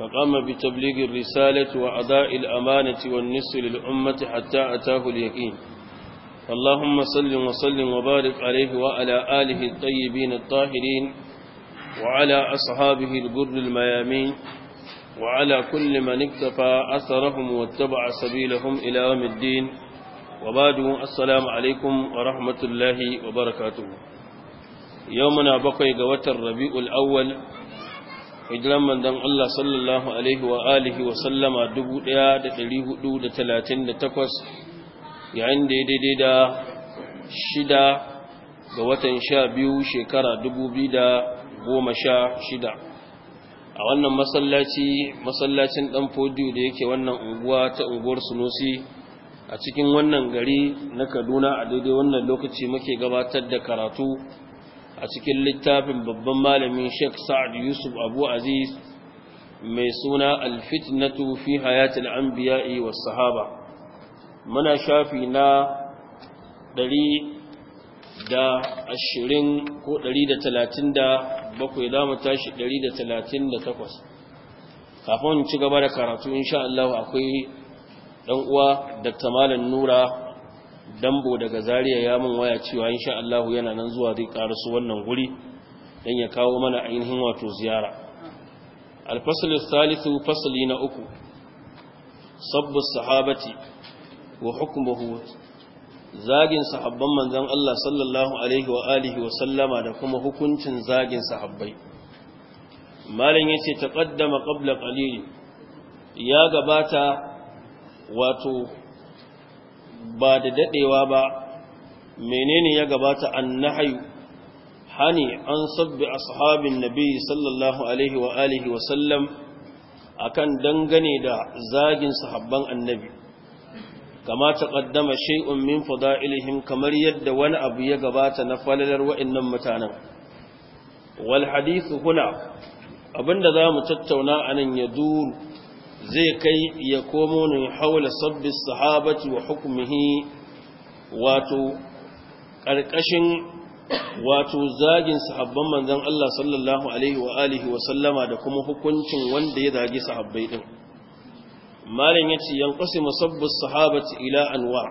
فقام بتبليغ الرسالة وأداء الأمانة والنصر للأمة حتى أتاه اليقين اللهم صل وسلم وبارك عليه وعلى آله الطيبين الطاهرين وعلى أصحابه الجر الميامين وعلى كل من اكتفى أثرهم واتبع سبيلهم إلى يوم الدين وبعد السلام عليكم ورحمة الله وبركاته يومنا بقي قوة الربيع الأول hijiran mandan Allah sallallahu alaihi wa alihi wa sallama 1438 yayin da ya daidai da shida ga watan sha biyu shekara goma shida. a wannan masallaci masallacin ɗan fodiyo da yake wannan unguwa ta unguwar sunusi a cikin wannan gari na kaduna a daidai wannan lokaci muke gabatar da karatu a cikin littafin babban malamin Sheik Sa'ad Yusuf Abu Aziz mai suna Al-Fitnatu fi Hayatil Anbiya'i was Sahaba muna shafi na 120 ko 137 zamu tashi 138 kafin ci gaba da karatu insha Allah akwai dan uwa Dr. Malam Nura dambo daga zariya ya mun waya cewa insha Allah yana nan zuwa zai karasu wannan guri dan ya kawo mana ainihin wato ziyara al-fasl al-thalith fasli na uku sabbu sahabati wa hukmuhu zagin sahabban manzon Allah sallallahu alaihi wa alihi wa sallama da kuma hukuncin zagin sahabbai malam yace taqaddama qabla qalil ya gabata wato ba da dadewa ba menene ya gabata annahyu hani an sabbi ashabin nabi sallallahu alaihi wa alihi wa sallam akan dangane da zagin sahabban annabi kama taqaddama shay'un min fada'ilihim kamar yadda wani abu ya gabata na falalar wa'annan mutanen wal hadithu huna abinda zamu tattauna anan ya duru zai kai ya komo ne haula sabbis sahabati wa hukumihi wato ƙarƙashin wato zagin sahabban manzan Allah sallallahu alaihi wa alihi wa sallama da kuma hukuncin wanda ya zagi sahabbai din malam yace yanqasi musabbus sahabati ila anwa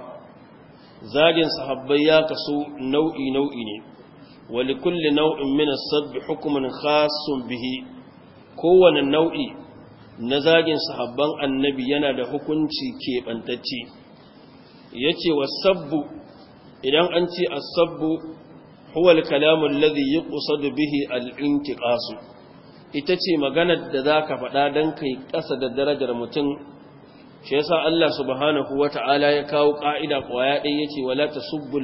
zagin sahabbai ya kaso nau'i nau'i ne wa likulli nau'in min as-sabb hukmun khassun bihi kowane nau'i na zagin sahabban annabi yana da hukunci keɓantacce ya ce wa sabbu idan an ce a sabbu huwal kalamun lazi yi kusa da bihi al'inki ƙasu ita ce maganar da za ka faɗa don kai ƙasa da darajar mutum shi yasa Allah subhanahu wa ta'ala ya kawo ƙa'ida ƙwaya ɗaya ya ce wala ta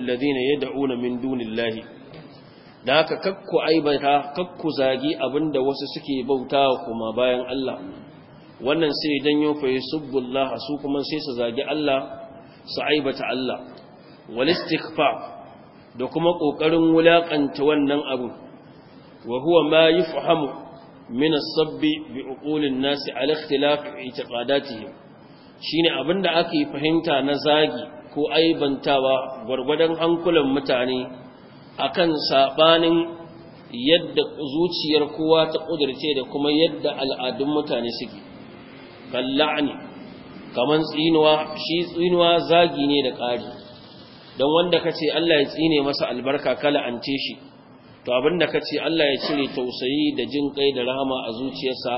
lazi na ya da'una min dunin lahi da haka kakku aibata kakku zagi abinda wasu suke bauta kuma bayan Allah wannan sai yau fa yasubbullah su kuma sai su zagi Allah su aibata Allah wal istighfar da kuma kokarin wulakanta wannan abu wa huwa ma yafhamu min as-sabb bi uqulin nas ala ikhtilaf i'tiqadatihim shine abinda aka yi fahimta na zagi ko aibantawa gwargwadon hankulan mutane akan saɓanin yadda zuciyar kowa ta ƙudurce da kuma yadda al'adun mutane suke kallani kaman tsinuwa shi tsinuwa zagi ne da ƙari don wanda ka ce Allah ya tsine masa albarka kala an ce shi to abinda ka ce Allah ya cire tausayi da jin kai da rahama a zuciyarsa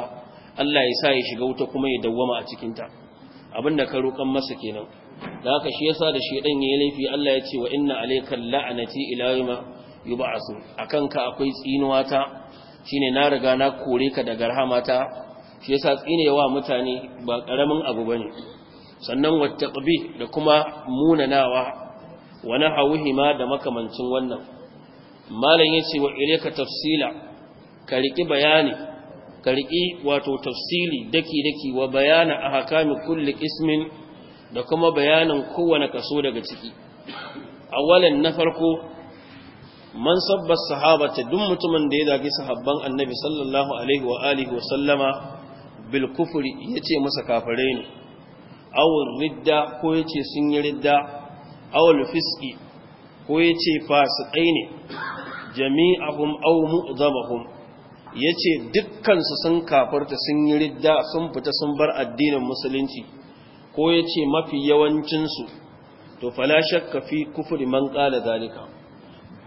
Allah ya sa ya shiga wuta kuma ya dawwama a cikinta abinda ka roƙan masa kenan da haka shi yasa da shedan yayi laifi Allah ya ce wa inna alayka la'anati ila yawma yub'asu akan ka akwai tsinuwa ta shine na riga na kore ka daga rahama ta? shi yasa tsinewa mutane ba karamin abu bane sannan wattaqbi da kuma munanawa wa nahawhi ma da makamancin wannan malam yace wa ilayka tafsila ka riki bayani ka riki wato tafsili daki daki wa bayana ahkami kulli ismin da kuma bayanin kowane kaso daga ciki awalan na farko man sahaba sahabata duk mutumin da ya zagi sahabban annabi sallallahu alaihi wa alihi wa sallama bil ya yace masa kafirai ne aw ridda ko yace sun yi ridda aw fiski ko yace fasikai ne jami'ahum aw mu'dhamahum yace dukkan su sun kafarta sun yi ridda sun fita sun bar addinin musulunci ko yace mafi yawancin su to fala shakka fi kufri man qala zalika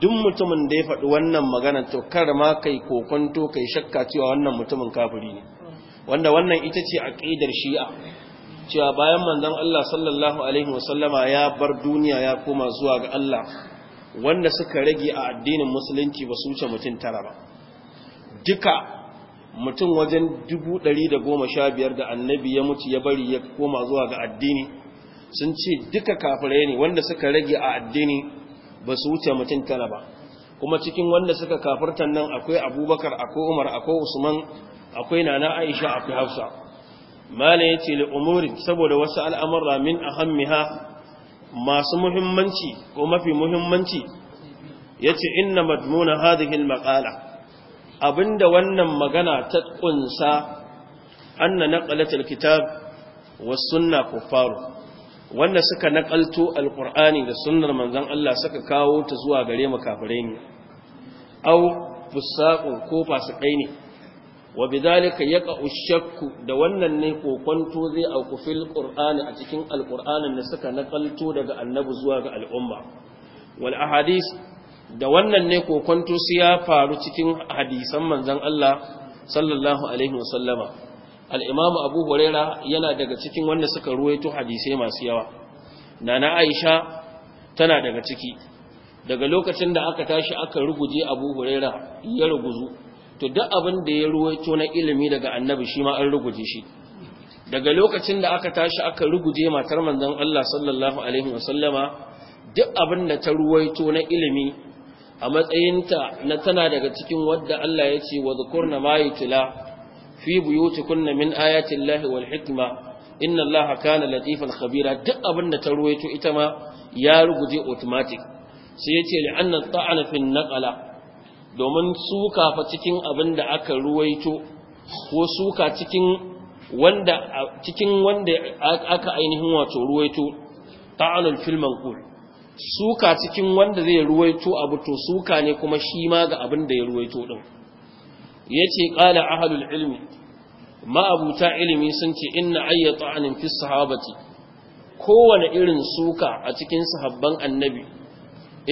duk mutumin da ya faɗi wannan magana to kar ma kai kokonto kai shakka cewa wannan mutumin kafiri ne wanda wannan ita ce aqidar shi'a cewa bayan manzon Allah sallallahu alaihi wasallama ya bar duniya ya koma zuwa ga Allah wanda suka rage a addinin musulunci ba su wuce mutum tara ba duka mutum wajen 115 da annabi ya mutu ya bari ya koma zuwa ga addini sun ce duka kafirai ne wanda suka rage a addini ba su wuce mutum tara ba kuma cikin wanda suka kafirtan nan akwai abubakar akwai umar akwai usman akwai nana aisha akwai Hausa. mala ya ce li'umurin saboda wasu al'amurra min ahammiha masu muhimmanci ko mafi muhimmanci ya ce inna madmuna hadihin maƙala abinda wannan magana ta ƙunsa anna naqalatul kitab suna sunna kuffaru wanda suka naqalto alƙur'ani da sunnar manzon Allah suka kawo ta zuwa gare mu kafirai ne au fusaqu ko fasikai ne wa zalika yaqa'u ushakku da wannan ne kokonto zai auku fil qur'ani a cikin alƙur'anin da suka nakalto daga annabi zuwa ga al'umma wal ahadis da wannan ne kokonto su ya faru cikin hadisan manzon Allah sallallahu alaihi wasallama al imamu abu huraira yana daga cikin wanda suka ruwaito hadisai masu yawa nana aisha tana daga ciki daga lokacin da aka tashi aka ruguje abu huraira ya ruguzu to duk abin da ya ruwaito na ilimi daga annabi shi ma an ruguje shi daga lokacin da aka tashi aka ruguje matar manzon Allah sallallahu alaihi wasallama duk abin da ta ruwaito na ilimi a matsayinta na tana daga cikin wadda Allah ya ce wa zukurna ma yutla fi buyutikunna min ayati llahi wal hikma inna allaha kana latifan khabira duk abin da ta ruwaito ita ma ya ruguje automatic sai ya ce li'anna ta'ana fi naqala domin suka fa cikin abin da aka ruwaito ko suka cikin wanda cikin wanda aka ainihin wato ruwaito ta'alul fil manqul suka cikin wanda zai ruwaito abu to suka ne kuma shi ma ga abin da ya ruwaito din yace qala ahlul ilmi ma abuta ilimi sun ce inna ayyata anin fi sahabati kowane irin suka a cikin sahabban annabi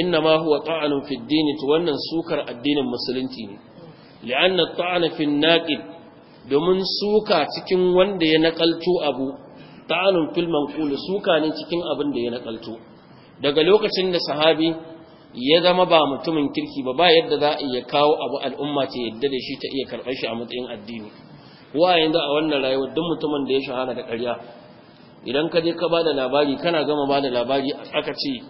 inna ma huwa ta'anun fi to wannan sukar addinin musulunci ne li'anna ta'ana fi naqid domin suka cikin wanda ya nakalto abu ta'anun fil manqul suka ne cikin abin da ya nakalto daga lokacin da sahabi ya zama ba mutumin kirki ba ba yadda za a iya kawo abu al'umma ta yadda da shi ta iya karɓar shi a matsayin addini wa yanzu a wannan rayuwar duk mutumin da ya shahara da ƙarya idan ka je ka ba da labari kana gama ba da labari aka ce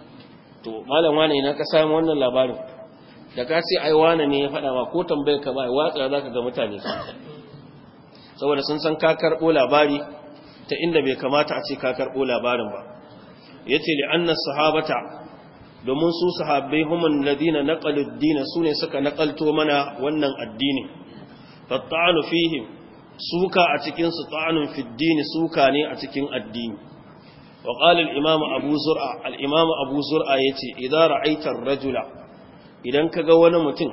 to malam wane ina ka samu wannan labarin da ka ce ai wane ne ya faɗa ma ko tambayar ka ba ai watsa za ka ga mutane saboda sun san ka karɓo labari ta inda bai kamata a ce ka karɓo labarin ba ya ce li'anna sahabata domin su sahabbai human ladina naqalu ad-dina sune suka naqalto mana wannan addini fatta'anu fihim suka a cikin su ta'anun fi suka ne a cikin addini وقال al أبو زرع الإمام أبو زرع يتي إذا رأيت الرجل إذا كقوان متن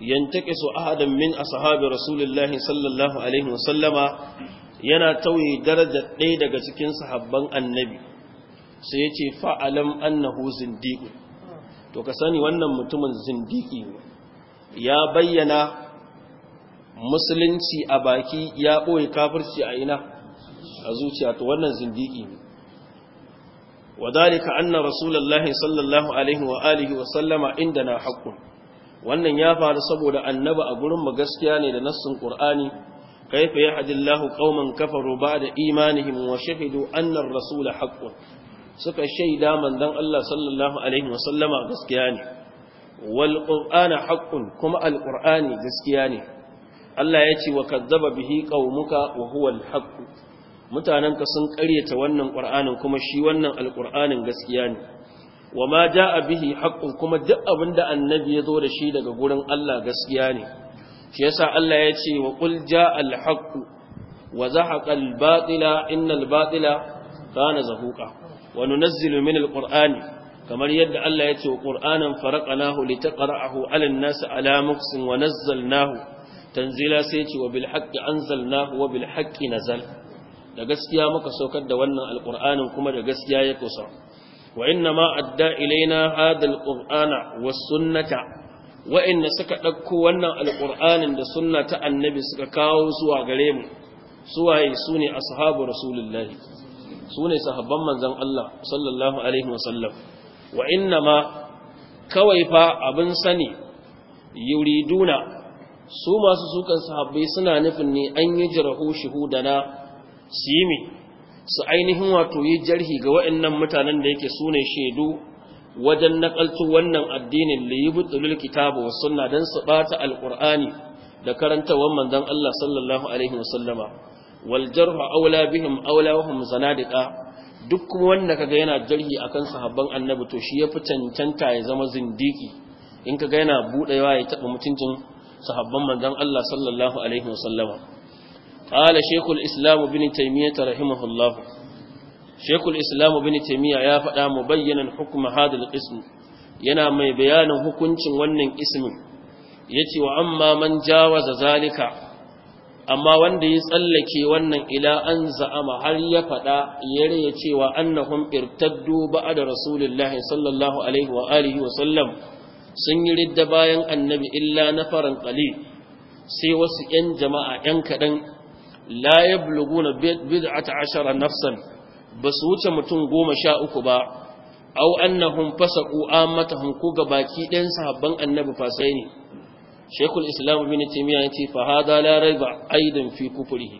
ينتكس أحدا min أصحاب رسول الله صلى yana tauye daraja ɗaya daga cikin sahabban annabi sai ya ce fa'alam annahu zindiƙu to ka sani wannan mutumin zindiƙi ya bayyana musulunci a baki ya ɓoye kafirci a ina a zuciya to wannan zindiƙi ne وذلك أن رسول الله صلى الله عليه وآله وسلم عندنا حق wannan ya faru saboda annaba a gurin mu gaskiya ne da nassin Qur'ani kaifa yahdillahu qauman kafaru ba'da imanihim wa shahidu anna ar-rasul haqqun suka shaida manzon Allah sallallahu alaihi wa sallama gaskiya ne wal qur'ana haqqun kuma al-qur'ani gaskiya ne Allah ya ce wa kadzaba bihi qaumuka wa huwa al-haqq mutanenka sun karyata wannan ƙur'anin kuma shi wannan alƙur'anin gaskiya ne wa ma a bihi haqqun kuma duk abin da annabi ya zo da shi daga gurin Allah gaskiya ne shi yasa Allah ya ce wa qul ja haqq wa zahaqa al batila innal batila kana zahuqa wa nunazzilu min al kamar yadda Allah ya ce wa qur'anan faraqnahu litaqra'ahu 'ala an-nas 'ala muksin wa nazzalnahu tanzila sai ce wa bil haqqi nahu, wa bil na zal. da gaskiya muka saukar da wannan Alƙur'anin kuma da gaskiya ya kusa wa inna ma adda ilaina hadha alqur'ana was sunnata wa inna suka dauko wannan alqur'anin da sunna ta annabi suka kawo zuwa gare mu suwaye sune ashabu rasulullahi sune sahabban manzon Allah sallallahu alaihi wasallam wa inna ma kawai fa abin sani yuriduna su masu sukan sahabbai suna nufin ne an yi jirahu shuhudana su yi su ainihin wato yi jarhi ga waɗannan mutanen da yake su ne shaidu wajen naƙaltu wannan addinin da yi butulul kitabu wa suna don su ɓata alƙur'ani da karantar manzon Allah sallallahu alaihi wasallama wal jarhu aula bihim aula wa hum zanadiqa duk kuma wanda kaga yana jarhi akan sahabban annabi to shi ya fi cancanta ya zama zindiki in kaga yana buɗewa ya taɓa mutuncin sahabban manzon Allah sallallahu alaihi wasallama قال شيخ الإسلام بن تيمية رحمه الله شيخ الإسلام بن تيمية يا فدا مبينا حكم هذا القسم ينا مي بيان حكمcin wannan ismin yace wa amma man jawaza zalika amma wanda ya tsallake wannan ila an za'ama har ya faɗa yare ya cewa annahum irtaddu ba'da rasulillahi sallallahu alaihi wa alihi sun yi ridda bayan annabi illa nafaran qalil sai wasu 'yan jama'a 'yan kaɗan la yablughuna bid'ata ashara nafsan basu wuce mutum goma sha uku ba aw annahum fasaqu ammatahum ku gabaki ɗayan sahabban annabi fasai ne shaykhul islam ibn taymiya yace fa hada la raiba aidan fi kufrihi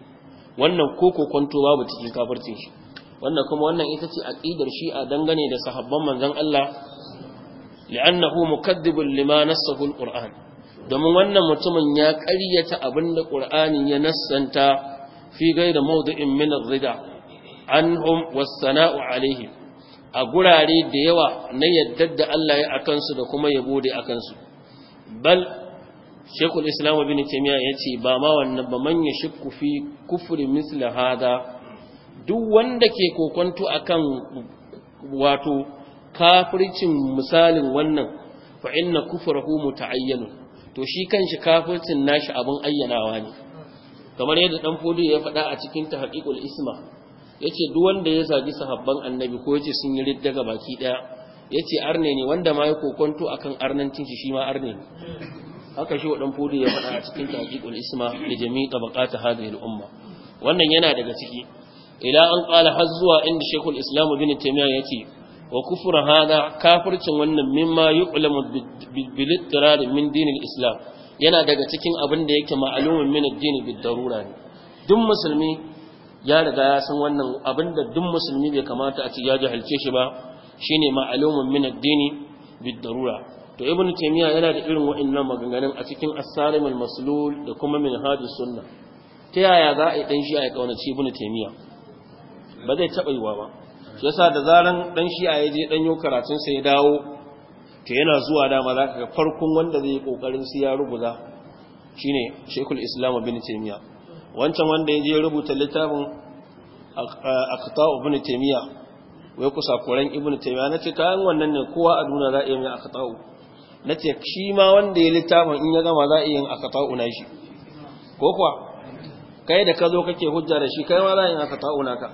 wannan koko kwanto babu cikin kafircin shi wannan kuma wannan ita ce aqidar shi'a dangane da sahabban manzon Allah li'annahu mukaddibun lima nassahu al-Qur'an domin wannan mutumin ya ƙaryata abinda ƙur'ani ya nasanta. fi da mawdu'in min ar-rida anhum was-sana'u alaihim a gurare da yawa na yarda da Allah ya su da kuma yabo da akan su bal shekul islam ibn taymiya yace ba ma wannan ba manya yashku fi kufri misla hada duk wanda ke kokonto akan wato kafircin misalin wannan fa inna kufrahu muta'ayyan to shi kanshi kafircin nashi abun ayyanawa ne kamar yadda dan fudu ya faɗa a cikin tahqiqul isma yace duk wanda ya zagi sahabban annabi ko yace sun yi ridda ga baki daya yace arne ne wanda ma ya kokonto akan arnancin shi ma arne ne haka shi wadan fudu ya faɗa a cikin tahqiqul isma da jami'i tabaqat hadhihi al-umma wannan yana daga ciki ila an qala har zuwa inda shaykhul islam ibn taymiya yace wa kufur hada kafircin wannan mimma yu'lamu bil min dinil islam yana daga cikin abin da yake ma'alumin min addini bid darura ne duk musulmi ya riga ya san wannan abin da duk musulmi bai kamata a ci ya jahilce shi ba shine ma'alumin min addini bid darura to ibn taymiya yana da irin wa'annan maganganun a cikin as-salim al-maslul da kuma minhaj sunna ta yaya za a yi dan shi a kaunaci ibn taymiya ba zai taba yiwa ba yasa da zaran dan shi a yaje dan yo karatun sa ya dawo ta yana zuwa dama za ka ga farkon wanda zai yi ƙoƙarin su ya rubuta shi ne shekul islam bin taimiyya wancan wanda ya je rubuta littafin kata bin taimiyya wai kusa koren ibin taimiyya na ce kayan wannan ne kowa a duna za a yi mai akta'u na ce shi ma wanda ya littafin in ya gama za a yi akta'u na shi ko kuwa kai da ka zo kake hujja da shi kai ma za a yi akta'u na ka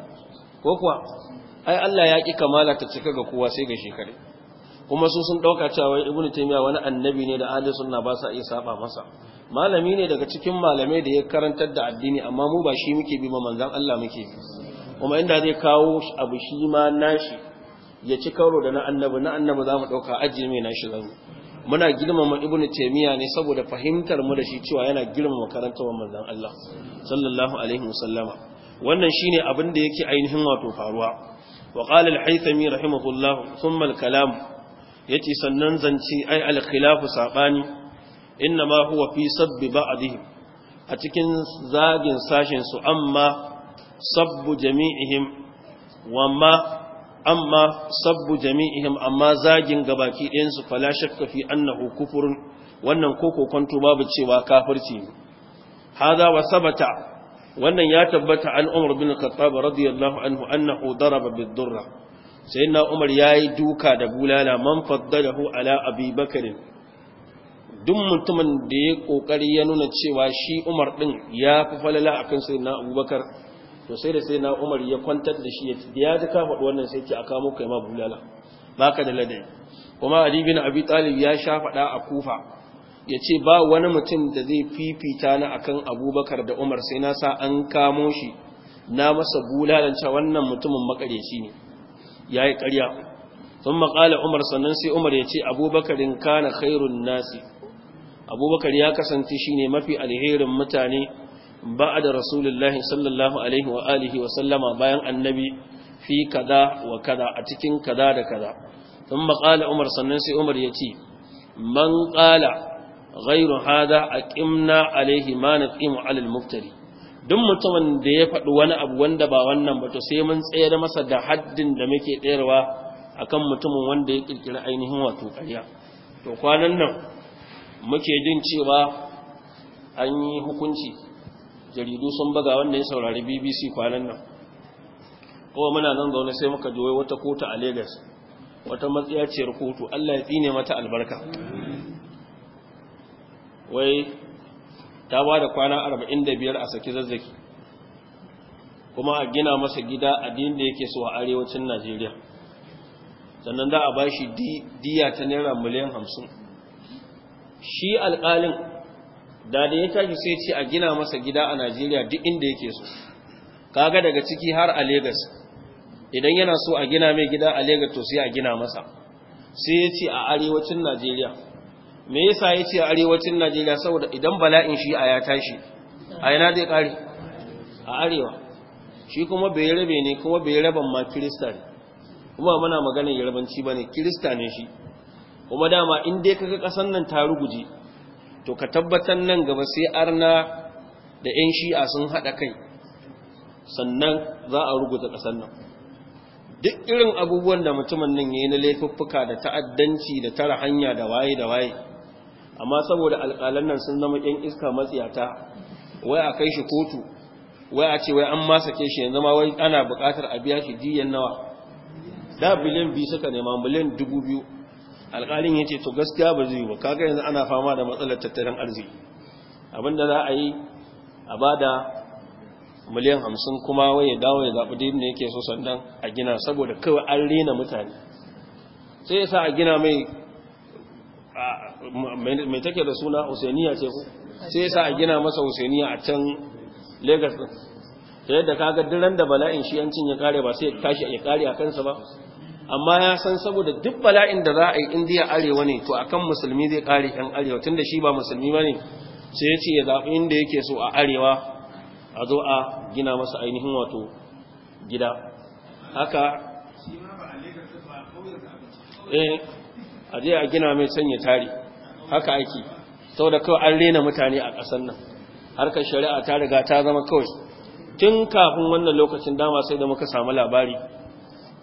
ko kuwa ai Allah ya ƙi kamala ta cika ga kowa sai ga shekaru kuma su sun dauka cewa ibnu taymiya wani annabi ne da ahli sunna ba sa iya saba masa malami ne daga cikin malamai da ya karantar da addini amma mu ba shi muke bi ma manzon Allah muke kuma inda zai kawo abu shi ma nashi ya ci karo da na annabi na annabi za mu dauka ajiye mai nashi zan muna girmama ibnu taymiya ne saboda fahimtar mu da shi cewa yana girmama karantawar manzon Allah sallallahu alaihi wasallama wannan shine abin da yake ainihin wato faruwa وقال الحيثمي رحمه الله ثم الكلام yace sannan zance ai al saɓani, sabani inna ma huwa fi sabbi ba'dihim a cikin zagin sashin su amma sabbu jami'ihim wamma amma sabbu jami'ihim amma zagin gabaki ɗayan su fala shakka fi annahu kufurun wannan koko kwanto babu cewa kafirci ne hada wa sabata wannan ya tabbata an umar bin khattab radiyallahu anhu annahu daraba bid-durra na umar ya yi duka da bulala man hu ala abi bakr duk mutumin da ya kokari ya nuna cewa shi umar din ya fi falala akan na abubakar to sai da na umar ya kwantar da shi ya ji kafa wannan sai ce a kamo kai ma bulala baka da ladai kuma ali bin abi talib ya sha faɗa a kufa ya ce ba wani mutum da zai fifita na akan abubakar da umar sai na sa an kamo shi na masa cewa wannan mutumin makareci ne ya yi ƙarya sun maƙala umar sannan sai umar ya ce abubakarin kana khairun nasi abubakar ya kasance shi ne mafi alherin mutane ba da rasulullahi sallallahu alaihi wa alihi wa sallama bayan annabi fi kada wa kada a cikin kada da kada sun maƙala umar sannan sai umar ya ce man ƙala a ƙimna alaihi عليه ما نقيم على المفتري duk mutumin da ya faɗi wani abu wanda ba wannan ba to sai mun tsayar masa da haddin da muke tsayarwa akan mutumin wanda ya kirkira ainihin wato ƙarya to kwanan nan muke jin cewa an yi hukunci jaridu sun baga wanda ya saurari BBC kwanan nan kowa muna nan zaune sai muka je wata kotu a Lagos wata matsiyaciyar kotu Allah ya tsine mata albarka wai ta ba da kwana arba'in da biyar a saki zazzaki kuma a gina masa gida a din da yake so a arewacin najeriya sannan da a ba shi diya ta naira miliyan hamsin shi alƙalin da da ya tashi sai ce a gina masa gida a najeriya duk inda yake so kaga daga ciki har a Legas, idan yana so a gina mai gida a Legas to sai a gina masa sai ya ce a arewacin najeriya me yasa yace ce arewacin najeriya saboda idan bala'in shi a ya tashi a yana zai kare a arewa shi kuma bai rabe ne kuma bai raban ma kirista ne kuma muna maganin yarabanci ba kirista ne shi kuma dama in dai kaga kasan nan ta ruguje to ka tabbatar nan gaba sai arna da 'yan shi'a sun haɗa kai sannan za a ruguza ƙasar nan duk irin abubuwan da mutumin nan ya yi na laifuffuka da ta'addanci da tara hanya da waye da waye amma saboda alƙalan nan sun zama ƴan iska matsiyata wai a kai shi kotu wai a ce wai an masake ke shi zama wai ana buƙatar a biya shi diyan nawa da biliyan biyu suka nema miliyan dubu biyu alƙalin ya ce to gaskiya ba zai yi ba kaga yanzu ana fama da matsalar tattalin arziki abinda za a yi a ba da miliyan hamsin kuma wai ya dawo ya zaɓi dai ne yake so sandan a gina saboda kawai an rena mutane sai ya sa a gina mai mai take da suna Usainiya ce ku sai yasa a gina masa Usainiya a can Lagos din ta yadda kaga duran da bala'in shi yancin ya kare ba sai tashi ya kare a kansa ba amma ya san saboda duk bala'in da za a yi indiya arewa ne to akan musulmi zai kare yan arewa tunda shi ba musulmi ba ne sai ya ce ya zaɓi inda yake so a arewa a zo a gina masa ainihin wato gida haka a je a gina mai sanya tari haka ake da kawai an rena mutane a ƙasar nan harkar shari'a ta riga ta zama kawai tun kafin wannan lokacin dama sai da muka samu labari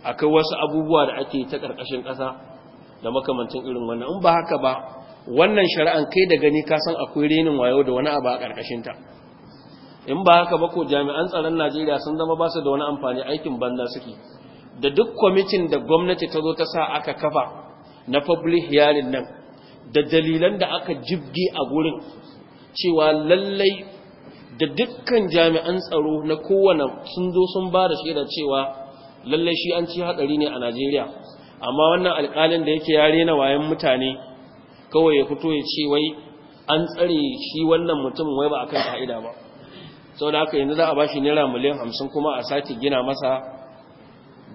akwai wasu abubuwa da ake ta ƙarƙashin ƙasa da makamancin irin wannan in ba haka ba wannan shari'an kai da gani ka san akwai renin wayo da wani abu a ta. in ba haka ba ko jami'an tsaron najeriya sun zama ba su da wani amfani aikin banza suke da duk kwamitin da gwamnati ta zo ta sa aka kafa na public hiyalin nan da dalilan da aka jibge a gurin cewa lallai da dukkan jami'an tsaro na kowane sun zo sun ba da shaida cewa lallai shi an ci hatsari ne a Najeriya amma wannan alƙalin da yake yare na wayan mutane kawai ya fito ya ce wai an tsare shi wannan mutum wai ba a kan ka'ida ba sau da haka yanzu za a ba shi naira miliyan hamsin kuma a sake gina masa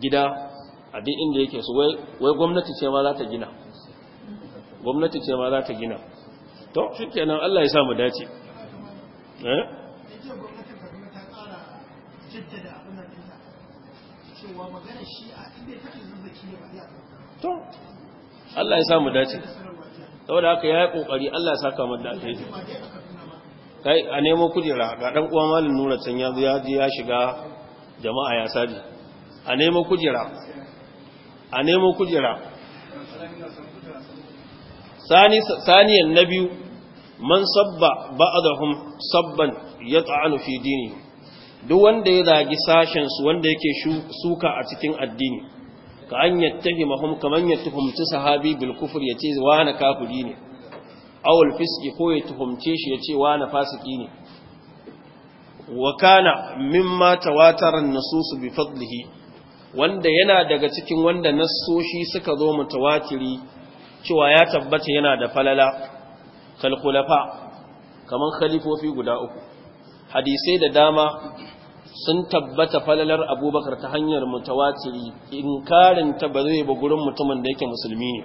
gida a duk inda yake su wai gwamnati ce ma za ta gina gwamnati ce ma za ta gina to shi kenan Allah ya samu dace eh to Allah ya samu dace saboda haka yayi kokari Allah ya saka mu da kai a nemo kujera ga dan uwa malin nura can ya ya shiga jama'a ya saji a nemo kujera a nemo kujera saniyan na biyu man sabba ba'adahum sabban ya tsanu fi dini duk wanda ya zagi sashensu wanda yake suka a cikin addini ka an yattafi mahum ya tuhumci sahabi bil ya ce wa na kafuri ne awul fiski ko ya tuhumce shi ya ce wa na fasiki ne wa kana mimma tawataran nasusu bi fadlihi wanda yana daga cikin wanda nasoshi suka zo mutawatiri cewa ya tabbata yana da falala kalkulafa kamar khalifofi guda uku hadisai da dama sun tabbata falalar abubakar ta hanyar mutawatiri inkarin ta ba zai ba gurin mutumin da yake musulmi ne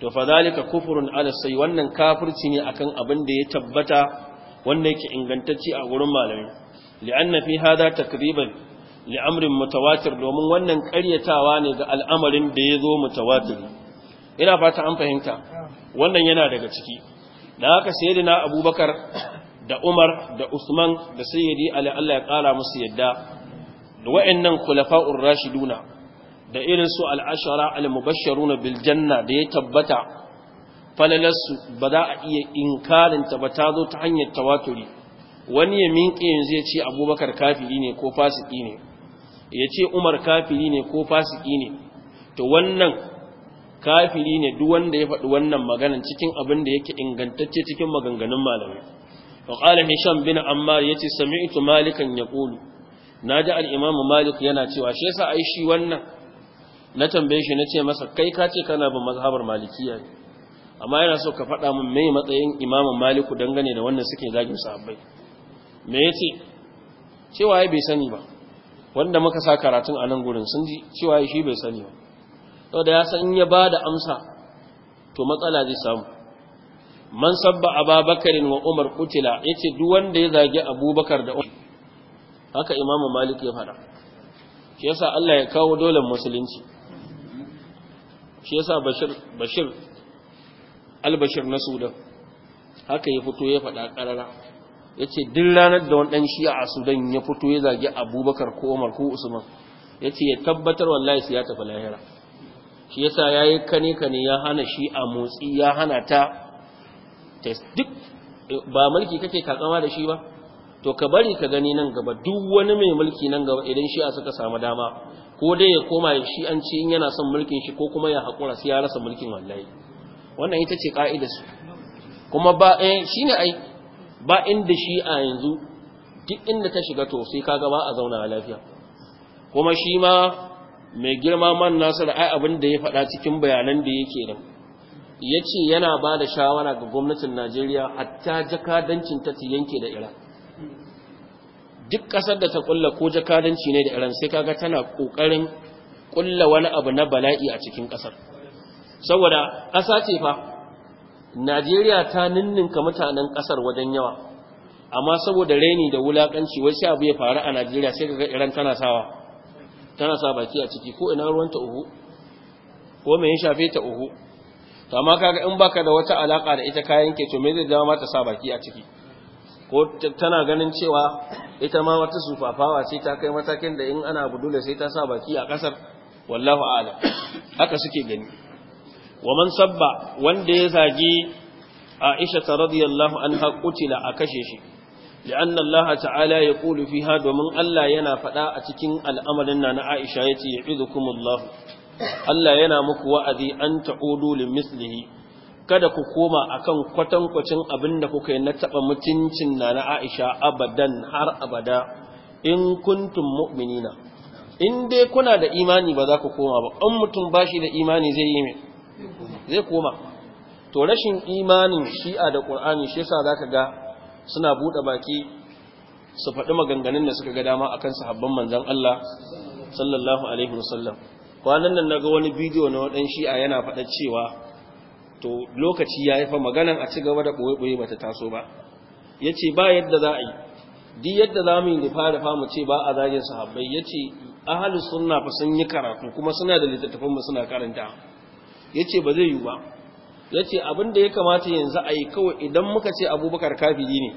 to fa zalika kufrun ala sai wannan kafirci ne akan abin da ya tabbata wanda yake ingantacci a gurin malami li'anna fi hada takriban li'amrin mutawatir domin wannan ƙaryatawa ne ga al'amarin da ya zo mutawatir ina fata an fahimta wannan yana daga ciki da haka sayyidina abubakar da umar da usman da sayyidi ali Allah ya ƙara musu yadda da wa'annan khulafa'ur rashiduna da irin su al'ashara al-mubashsharuna bil janna da ya tabbata falalarsu ba za a iya inkarinta ba ta zo ta hanyar tawaturi wani ya minke yanzu ya ce abubakar kafiri ne ko fasiki ne ya ce umar kafiri ne ko fasiki ne to wannan kafiri ne duk wanda ya faɗi wannan maganan cikin abin da yake ingantacce cikin maganganun malamai wa qala hisham bin ammar ce sami'tu malikan yaqulu naji al-imam malik yana cewa shi yasa ai shi wannan na tambaye shi ce masa kai ka ce kana bin mazhabar malikiya amma yana so ka faɗa min me matsayin imam maliku dangane da wannan suke zagin sahabbai me yace cewa ai bai sani ba wanda muka sa karatun a nan gurin sun ji cewa shi bai sani ba da ya san in ya ba da amsa to matsala zai samu man sabba ababakarin wa umar kutila ya ce duk wanda ya zagi abubakar da umar haka imamu malik ya faɗa shi yasa allah ya kawo dole musulunci shi yasa bashir bashir albashir na sudan haka ya fito ya faɗa ƙarara ya ce duk ranar da wani ɗan shi'a a sudan ya fito ya zagi abubakar ko umar ko usman ya ce ya tabbatar wallahi su ya tafi lahira shi yasa ya yi kane kane ya hana shi a motsi ya hana ta duk ba mulki kake kakama da shi ba to ka bari ka gani nan gaba duk wani mai mulki nan gaba idan shi'a suka samu dama ko dai ya koma ya shi an ce in yana son mulkin shi ko kuma ya haƙura sai ya rasa mulkin wallahi wannan ita ce ka'idarsu kuma ba eh shine ai ba inda shi a yanzu duk inda ta shiga to sai kaga ba a zauna lafiya kuma shi ma mai girma man nasir ai abin da ya faɗa cikin bayanan da yake da. ya ce yana ba da shawara ga gwamnatin najeriya hatta jakadancin ta yanke da iran duk ƙasar da ta ƙulla ko jakadanci ne da iran sai kaga tana ƙoƙarin ƙulla wani abu na bala'i a cikin ƙasar saboda ƙasa ce fa najeriya ta ninninka mutanen kasar wajen yawa amma saboda raini da wulaƙanci wai sai abu ya faru a najeriya sai ga iran tana sawa tana sa baki a ciki ko ina ruwan ta uhu ko me ya shafe ta uhu to amma kaga in baka da wata alaka da ita kayan ke to me zai dama ta sa baki a ciki ko tana ganin cewa ita ma wata sufafawa sai ta kai matakin da in ana budula sai ta sa baki a kasar wallahu a'lam haka suke gani wa man sabba wanda ya zagi Aisha ta radiyallahu anha kutila a kashe shi li'anna Allah ta'ala ya qulu fiha domin Allah yana faɗa a cikin al'amarin na Aisha ya ce yace ya'idukumullah Allah yana muku wa'azi an ta'udu limislihi kada ku koma akan kwatankwacin abin da kuka yi na taɓa mutuncin na na Aisha abadan har abada in kuntum mu'minina in dai kuna da imani ba za ku koma ba an mutum bashi da imani zai yi mai zai koma to rashin imanin shi'a da ƙur'ani shi yasa ka ga suna buɗe baki su faɗi maganganun da suka ga dama akan sahabban manzan Allah sallallahu alaihi wasallam kwanan nan na ga wani bidiyo na waɗan shi'a yana faɗa cewa to lokaci yi fa maganan a ci gaba da ɓoye-ɓoye ba ta taso ba Ya ce ba yadda za a yi duk yadda za mu yi da fara famu ce ba a zagin sahabbai ya ce ahalus suna fa sun yi karatu kuma suna da littattafan mu suna karanta ya ce ba zai yi ba ya ce abin da ya kamata yanzu a yi kawai idan muka ce abubakar kafiri ne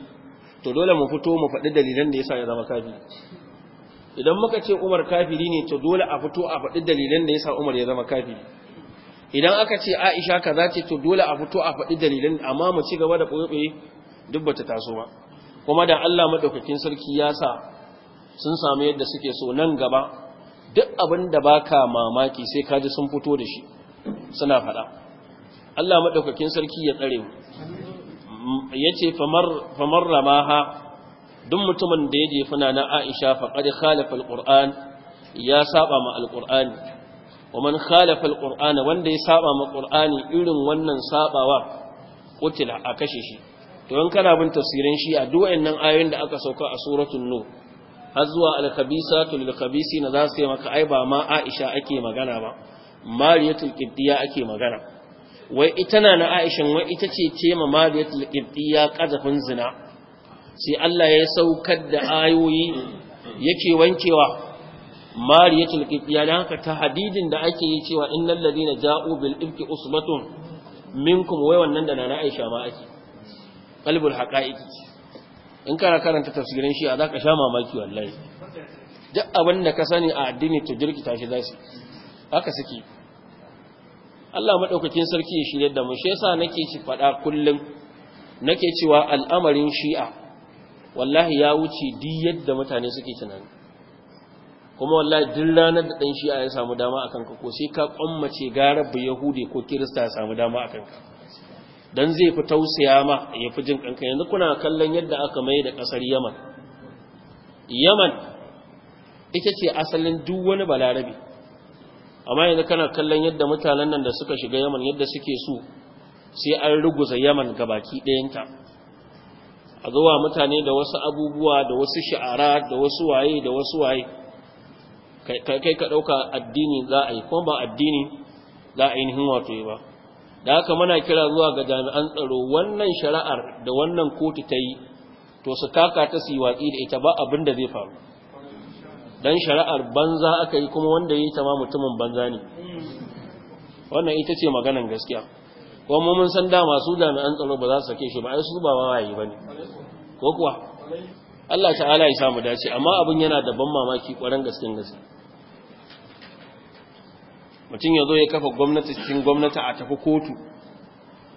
to dole mu fito mu faɗi dalilan da ya sa ya zama kafiri idan muka ce umar kafiri ne to dole a fito a faɗi dalilan da ya sa umar ya zama kafiri idan aka ce aisha za ce to dole a fito a faɗi dalilan amma mu ci gaba da ɓoye duk bata taso ba kuma da allah maɗaukakin sarki ya sa sun samu yadda suke so nan gaba duk abin da baka mamaki sai kaji sun fito da shi suna faɗa Allah maɗaukakin sarki ya tsare mu ya ce famar ramaha duk mutumin da ya jefuna na aisha faƙar khalafa alƙur'an ya saba ma alƙur'ani man khalafa القرآن wanda ya saba ma Qur'ani irin wannan sabawa kutila a kashe shi to in kana bin tafsirin shi a duk wayannan ayoyin da aka sauka a suratun Nu. har zuwa alkhabisa khabisatu lil khabisina za su yi maka ai ba ma Aisha ake magana ba mariyatul qibtiyya ake magana wai ita na na aishin wai ita ce ce ma mariyatul qibtiyya kazafin zina sai Allah ya saukar da ayoyi yake wankewa mariyatul qibtiyya dan haka ta hadidin da ake yi cewa innal ladina ja'u bil ibki usbatun minkum wai wannan da na na aisha ma ake qalbul haqa'iqi in kana karanta tafsirin shi a za ka sha mamaki wallahi duk abin da ka sani a addini to jirkita shi za haka suke Allah maɗaukakin sarki ya shirya da mu shi yasa nake ci faɗa kullum nake cewa al'amarin shi'a wallahi ya wuce duk yadda mutane suke tunani kuma wallahi duk ranar da ɗan shi'a ya samu dama a kanka ko sai ka kwammace gara bu yahudi ko kirista ya samu dama a kanka dan zai fi tausaya ma ya fi jin kanka yanzu kuna kallon yadda aka mai da ƙasar yaman yaman ita ce asalin duk wani balarabe amma yanzu kana kallon yadda mutanen nan da suka shiga yaman yadda suke so sai an ruguza yaman gabaki ɗayanta a zuwa mutane da wasu abubuwa da wasu sha'ara da wasu waye da wasu waye kai ka ɗauka addini za a yi kuma ba addini za a ainihin wato yi ba da haka mana kira zuwa ga jami'an tsaro wannan shari'ar da wannan kotu ta yi to su kaka ta su yi watsi da ita ba abin da zai faru dan shari'ar banza aka yi kuma wanda yi ta ma mutumin banza ne wannan ita ce maganan gaskiya kuma mun san dama su an tsaro ba za su sake shi ba ai su ba wawaye bane ko kuwa Allah ta'ala ya samu dace amma abin yana da ban mamaki kwaran gaskin gaske mutum ya zo ya kafa gwamnati cikin gwamnati a tafi kotu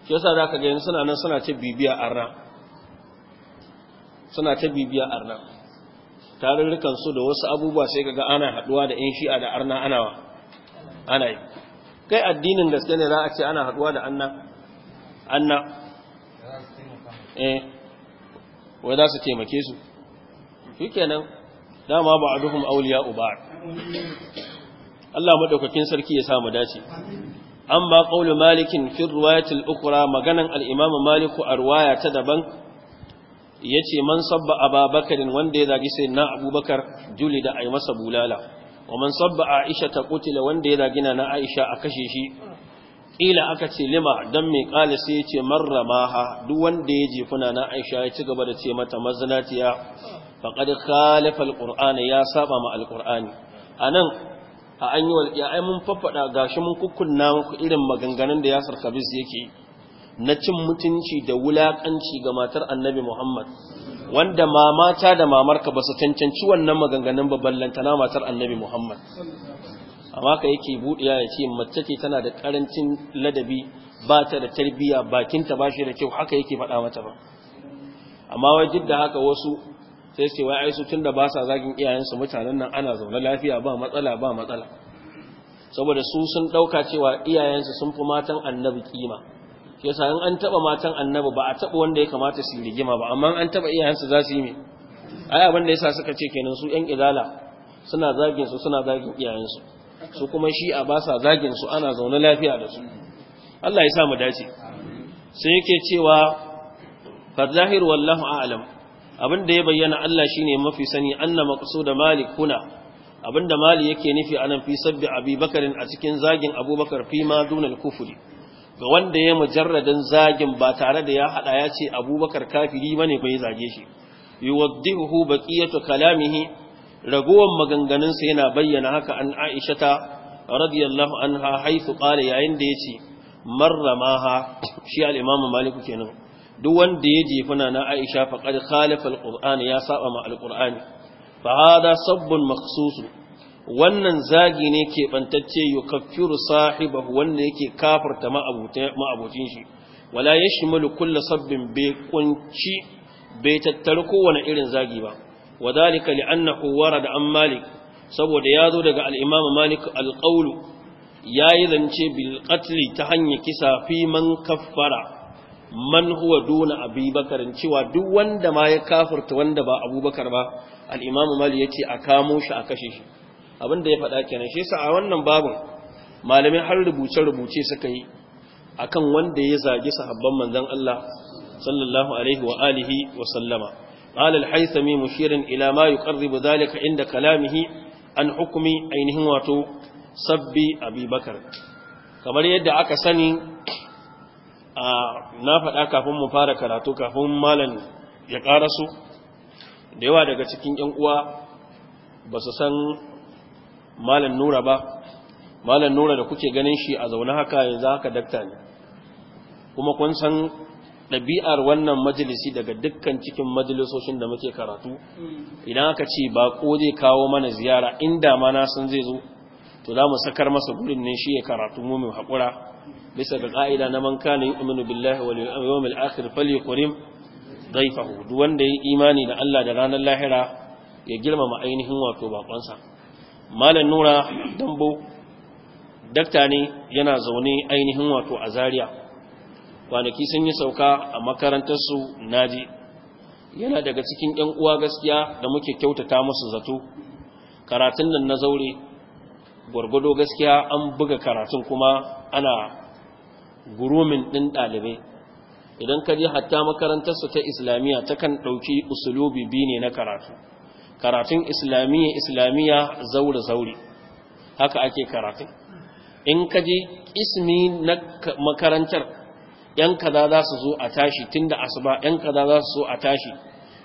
shi yasa za ka ga yanzu suna nan suna ta bibiya arna suna ta bibiya arna tarurrukan su da wasu abubuwa sai kaga ana haduwa da yan shi'a da arna wa ana yi kai addinin gaske ne za a ce ana haduwa da anna anna eh wai za su taimake su shikenan dama ba a aduhum auliya uba Allah madaukakin sarki ya samu dace amma qaulu malikin fi riwayatil ukhra maganan al-imam maliku a riwaya ta daban ya ce man sabba ababakarin wanda ya zagi sai na abubakar juli da a masa bulala wa man sabba aisha ta kutila wanda ya zagina na aisha a kashe shi ƙila aka ce lima don mai ƙala sai ya ce marra maha duk wanda ya jefuna na aisha ya ci gaba da ce mata mazanaciya. faƙad khalafa alƙur'ani ya saba ma alƙur'ani a nan a an yi walƙiya ai mun faffaɗa gashi mun kukkunna irin maganganun da yasar kabis yake yi na cin mutunci da wulaƙanci ga matar annabi Muhammad wanda mamata da mamarka ba su cancanci wannan maganganun babban lantana, matar annabi Muhammad amma ka yake buɗiya ya ce mace tana da ƙarancin ladabi ba ta da tarbiyya bakinta ba shi da kyau haka yake faɗa mata ba amma wai duk da haka wasu sai ce wai aisu tunda ba sa zagin iyayensu mutanen nan ana zaune lafiya ba matsala ba matsala saboda su sun ɗauka cewa iyayensu sun fi matan annabi kima yasa in an taba matan annabi ba a taba wanda ya kamata su rigima ba amma an taba iyayensu za su yi me ai abin da yasa suka ce kenan su yan idala suna zagin su suna zagin iyayensu su kuma shi a ba sa zagin su ana zaune lafiya da su Allah ya sa mu dace sai yake cewa fa wallahu a'lam abin da ya bayyana Allah shine mafi sani anna maqsuda malik kuna abinda mali yake nufi anan fi sabbi abubakar a cikin zagin abubakar fi ma dunal kufuri ga wanda ya mujarradin zagin ba tare da ya hada ya ce abubakar kafiri bane bai zage shi yuwaddihu baqiyatu kalamihi ragowar maganganunsa yana bayyana haka an aishata radiyallahu anha haythu qala yayin da yace marramaha shi al-imam maliku kenan duk wanda ya jefuna na aisha faqad khalafa al-qur'an ya saba ma al-qur'ani fa hada sabbun makhsus wannan zagi ne ke bantacce yukaffiru sahibahu wanda yake kafarta ma'abucin shi wala ya yashmalu kulla sabbin bi kunci bai tattar kowane irin zagi ba wadhalika li'annahu da an malik saboda ya zo daga al malik al ya yi zance bil qatli ta hanyar kisa fi man kaffara man huwa duna abubakar cewa duk wanda ma ya kafarta wanda ba abubakar ba al Malik ya ce a kamo shi a kashe shi abin da ya faɗa kenan shi yasa a wannan babin malamin har rubuce-rubuce suka yi akan wanda ya zagi sahabban manzon Allah sallallahu alaihi wa alihi wa sallama qala al-haythami mushiran ila ma yuqarribu dhalika inda kalamihi an hukumi ainihin wato sabbi Abibakar. kamar yadda aka sani a na faɗa kafin mu fara karatu kafin malam ya su, da yawa daga cikin 'yan uwa ba su san malam nura ba malam nura da kuke ganin shi a zaune haka yanzu haka dakta ne kuma kun san ɗabi'ar wannan majalisi daga dukkan cikin majalisoshin da muke karatu hmm. idan aka ce ba ko zai kawo mana ziyara inda ma na san zai zo to za mu sakar masa gurin ne shi ya karatu mu haƙura bisa ga ƙa'ida na man kana yu'minu billahi wal yawmil akhir falyukrim zai duk wanda ya imani da Allah da ranar lahira ya girmama ainihin wato bakonsa malam nura dambo dakta ne yana zaune ainihin wato a Zariya. kwanaki sun yi sauka a makarantarsu naji yana daga cikin ‘yan uwa gaskiya da muke kyautata musu zato karatun nan na zaure gwargwado gaskiya an buga karatun kuma ana gurumin ɗin ɗalibai idan ka je hatta makarantarsu ta islamiyya ta kan ɗauki usulobi biyu ne na karatu karatun islamiyya islamiyya zaure zaure haka ake karatun in ka ji ismi na makarantar yan kaza za su zo a tashi tunda asuba yan kaza za su zo a tashi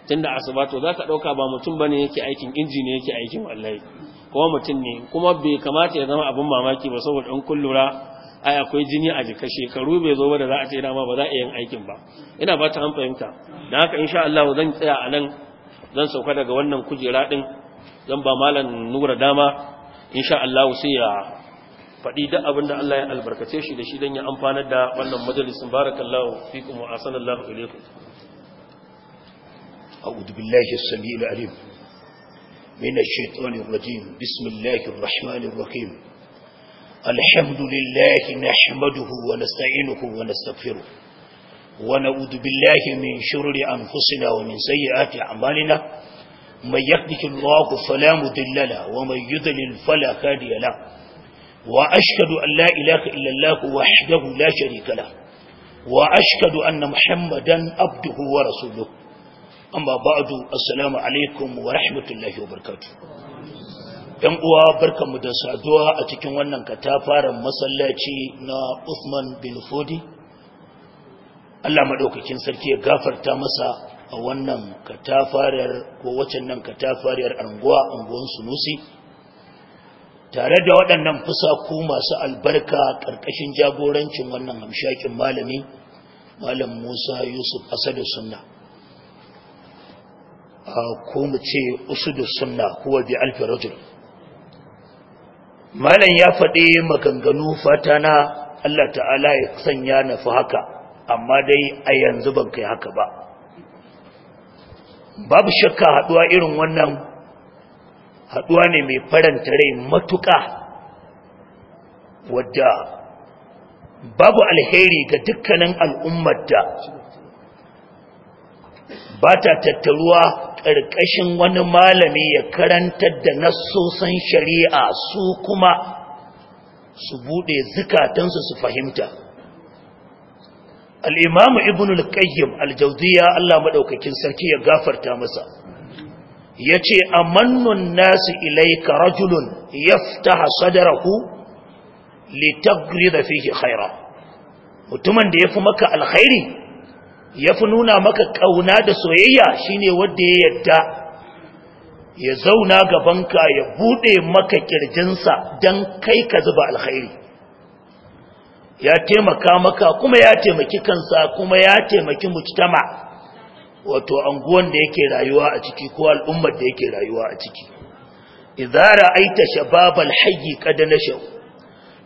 tunda asuba to za ka dauka ba mutum bane yake aikin inji ne yake aikin wallahi kuma mutum ne kuma bai kamata ya zama abin mamaki ba saboda in kullura ai akwai jini a jika shekaru bai zo ba da za a ce dama ba za a yin aikin ba ina ba ta an fahimta dan haka insha Allah zan tsaya a nan zan sauka daga wannan kujera din zan ba malam nura dama insha Allah sai ya faɗi duk abin da Allah ya albarkace shi da shi don ya amfanar da wannan majalisin barakallahu fikum wa asanallahu ilaikum أعوذ بالله السميع العليم من الشيطان الرجيم بسم الله alhamdulillahi na الحمد لله نحمده ونستعينه ونستغفره ونعوذ بالله من شرور أنفسنا ومن سيئات أعمالنا من يهدك الله فلا مضل له ومن يضلل فلا هادي له وأشهد أن لا إله إلا الله وحده لا شريك له وأشهد أن محمدا عبده ورسوله أما بعد السلام عليكم ورحمة الله وبركاته ‘Yan uwa barkanmu da saduwa a cikin wannan katafaren masallaci na Uthman bin Fodi’. Allah madaukakin sarki ya gafarta masa a wannan katafariyar ko waccan nan katafariyar anguwa anguwan sunusi tare da waɗannan fusaku masu albarka ƙarƙashin jagorancin wannan hamshakin malami malam Musa Yusuf Asadu Sunna a ko mu ce usudu sunna kuwa bi alfi malam ya faɗi maganganu fata na Allah ta'ala ya sanya na fi haka amma dai a yanzu ban kai haka ba babu shakka haduwa irin wannan haduwa ne mai faranta rai matuka wadda babu alheri ga dukkanin al'ummar da ba ta tattaruwa ƙarƙashin wani malami ya karantar da nassosan shari'a su kuma su buɗe zukatansu su fahimta al'imam ibn al-qayyim al-jauziya Allah maɗaukakin sarki ya gafarta masa ya ce a mannun nasu ilaika rajulun ya fita sadarahu litagri da fiye khaira mutumin da ya fi maka alkhairi ya fi nuna maka ƙauna da soyayya shine wanda ya yadda ya zauna gabanka ya buɗe maka ƙirjinsa don kai ka zuba alkhairi ya taimaka maka kuma ya taimaki kansa kuma ya taimaki mujtama wato anguwan da yake rayuwa a ciki ko al'ummar da yake rayuwa a ciki idza ra'aita shababal hayy qad nashaw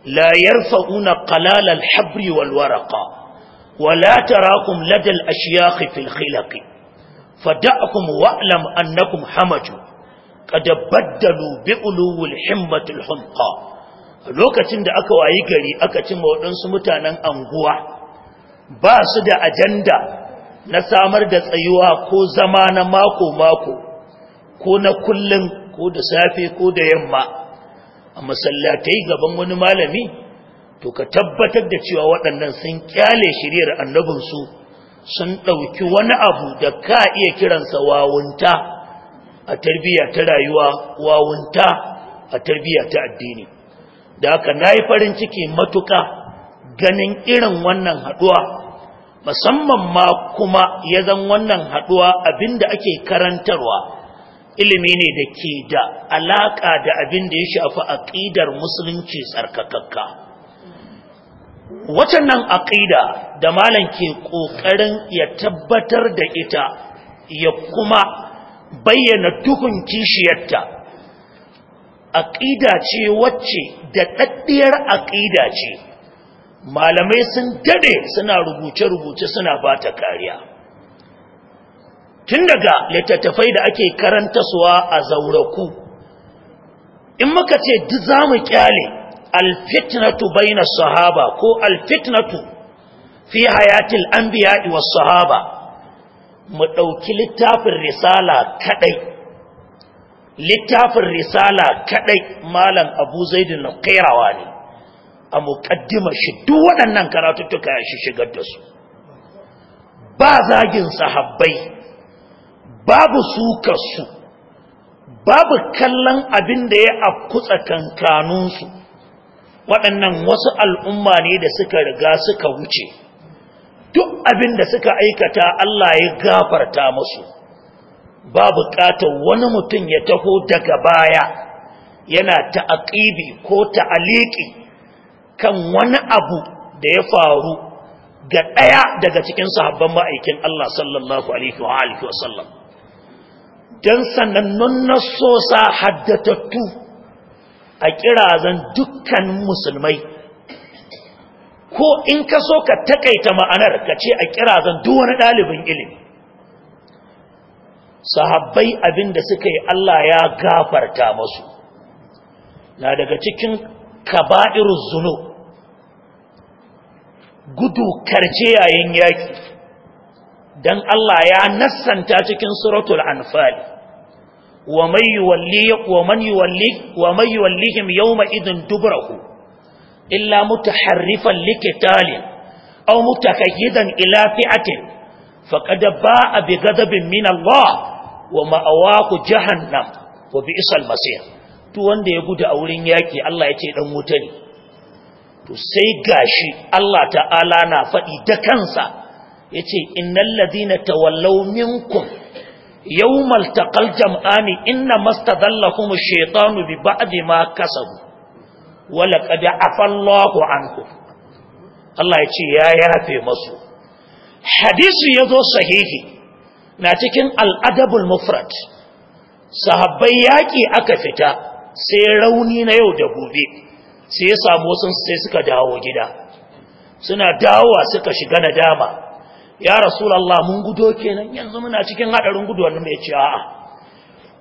la yarfa'una qalal al habri wal waraqa wala tarakum lad al ashyakh fil khilaq fada'kum wa'lam annakum hamaju qad baddalu bi'ulu al himmatu al humqa lokacin da aka wayi gari aka cimma waɗansu mutanen anguwa ba su da ajanda na samar da tsayuwa ko zama na mako-mako ko na kullum ko da safe ko da yamma a masallatai gaban wani malami to ka tabbatar da cewa waɗannan sun kyale shiryar annabinsu sun ɗauki wani abu da ka iya kiransa wawunta a tarbiyya ta rayuwa wawunta a tarbiyya ta addini da haka na yi farin ciki matuka ganin irin wannan haɗuwa musamman ma kuma ya zan wannan haɗuwa abinda ake karantarwa ilimi ne da ke da alaƙa da abin da ya shafi aƙidar musulunci tsarkakakka nan aƙida da malam ke ƙoƙarin ya tabbatar da ita ya kuma bayyana tuhun kishiyarta aƙida ce wacce da ɗaɗɗiyar aƙida ce malamai sun daɗe suna rubuce-rubuce suna ba ta kariya tun daga littattafai da ake karanta suwa a zauraku in muka ce duk za mu kyale alfitnatu baina sahaba ko alfitnatu fi an biya was sahaba mu ɗauki littafin risala kaɗai littafin risala kadai malam abu zaidu na kairawa ne a muƙaddima shi duk waɗannan karatuttuka ya shi shigar da su ba zagin sahabbai babu sukarsu babu kallon abin da ya kutsa kankanunsu. waɗannan wasu al'umma ne da suka riga suka wuce duk abin da suka aikata Allah ya gafarta musu ba buƙatar wani mutum ya taho daga baya yana ta'aqibi ko ta'aliki kan wani abu da ya faru ga ɗaya daga cikin sahabban ma'aikin Allah sallallahu alaihi wa alihi wasallam dan sanannun nasosa haddatattu a kirazan dukkan musulmai ko in ka so ka takaita ma'anar ka ce a kirazan duk wani ɗalibin ilimi sahabbai abinda suka yi Allah ya gafarta masu na daga cikin kaba'irun zuno gudu karce yayin yaki dan Allah ya nassanta cikin suratul anfal wa man yuwalli wa man yuwalli wa man yuwallihim yawma idin dubrahu illa mutaharrifan likitalin aw mutakayyidan ila fi'atin faqad ba'a bi ghadabin min Allah wa ma'awaku jahannam wa bi'sal masir to wanda ya gudu a wurin yaki Allah ya ce dan wuta ne to sai gashi Allah ta'ala na faɗi da kansa yace innal ladina tawallaw minkum yawmal taqal jam'ani inna mastadallakum ash-shaytanu bi ba'di ma kasabu wa laqad afa Allahu ankum Allah ya ce ya yafe masu hadisi yazo sahihi na cikin al'adabul mufrat sahabbai yaƙi aka fita sai rauni na yau da gobe sai ya samu wasu sai suka dawo gida suna dawowa suka shiga na dama ya Allah mun gudo kenan yanzu muna cikin haɗarin gudu wani mai cewa a.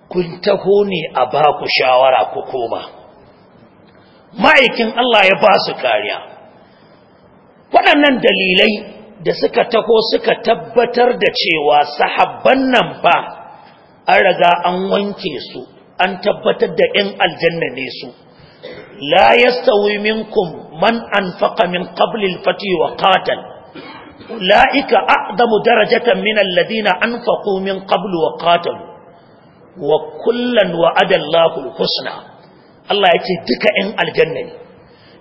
kun taho ne a ba ku shawara ku koma ma'aikin Allah ya ba su kariya waɗannan dalilai da suka taho suka tabbatar da cewa sahabban nan ba an raga an wanke su an tabbatar da ɗan aljanna ne su la yastawi minkum man anfaqa min qabli al-fati wa qatal ulaika a'zamu darajatan min alladhina anfaqu min qablu wa qatal wa kullan wa'ada Allahu al-husna Allah ya duka ɗan aljanna ne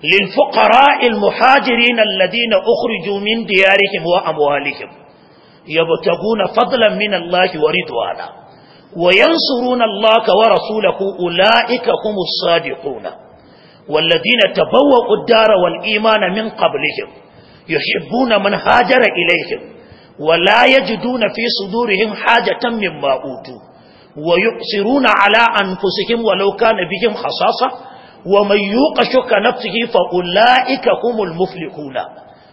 للفقراء المهاجرين الذين أخرجوا من ديارهم وأموالهم يبتغون فضلا من الله ورضوانا وينصرون الله ورسوله أولئك هم الصادقون والذين تبوأوا الدار والإيمان من قبلهم يحبون من هاجر إليهم ولا يجدون في صدورهم حاجة مما أوتوا ويقصرون على أنفسهم ولو كان بهم خصاصة wa mai yuqa shuka nafsihi fa ulaika humul muflihuna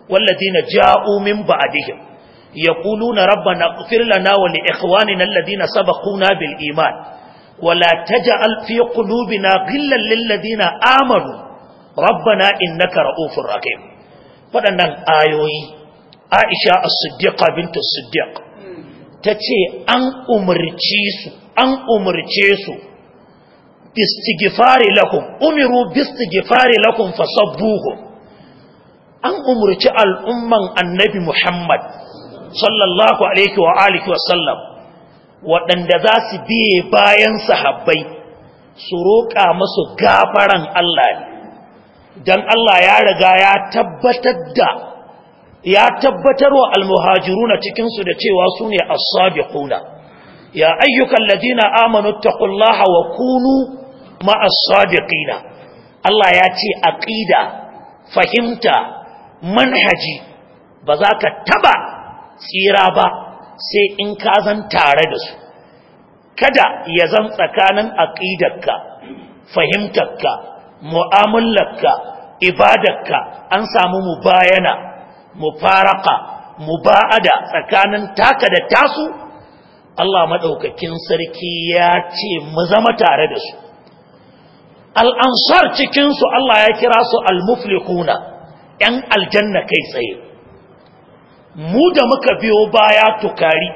walladhina ja'u min ba'dihim yaquluna rabbana ighfir lana wa li ikhwanina alladhina sabaquna bil iman wa la taj'al fi qulubina ghillan lil ladina amanu rabbana innaka ra'ufur rahim wadannan ayoyi Aisha a siddiqa Binta Siddiq ta ce umurce su an umurce su bistighfari lakum umiru bistighfari lakum fasabbuhu an umurci al'umman annabi Muhammad sallallahu alaihi wa alihi wa sallam waɗanda za su biye bayan sahabbai su roƙa musu gafaran Allah dan Allah ya riga ya tabbatar da ya tabbatar wa almuhajiruna cikinsu da cewa su ne as ya ayyukan ladina amanu taqullaha wa kunu ma'as sadiqina Allah ya ce aƙida, fahimta manhaji ba za ka taba tsira ba sai in ka zan tare da su kada ya zan tsakanin aqidarka fahimtarka mu'amalarka ibadarka an samu mu mu bayana, mubayana mu ba'ada tsakanin taka da tasu Allah madaukakin sarki ya ce mu zama tare da su al'ansar cikinsu Allah ya kira su al muflikuna ‘yan aljanna kai tsaye mu da muka biyo baya tukari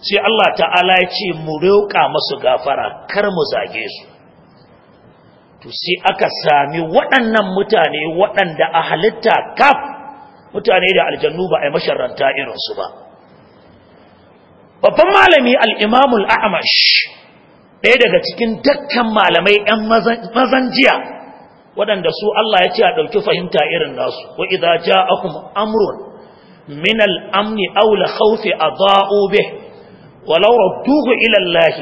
sai Allah ta'ala ya ce mu rauka masu gafara kar mu zage su to sai aka sami waɗannan mutane waɗanda a halitta kaf mutane da aljannu ba a yi masharanta irinsu ba babban malami al'imamul a'amash ɗaya daga cikin dukkan malamai ‘yan mazan jiya waɗanda su Allah ya ce a ɗauki fahimta irin nasu wa idza ja'akum amrun min al-amni aw la khawfi adaa'u bih wa law radduhu ila Allah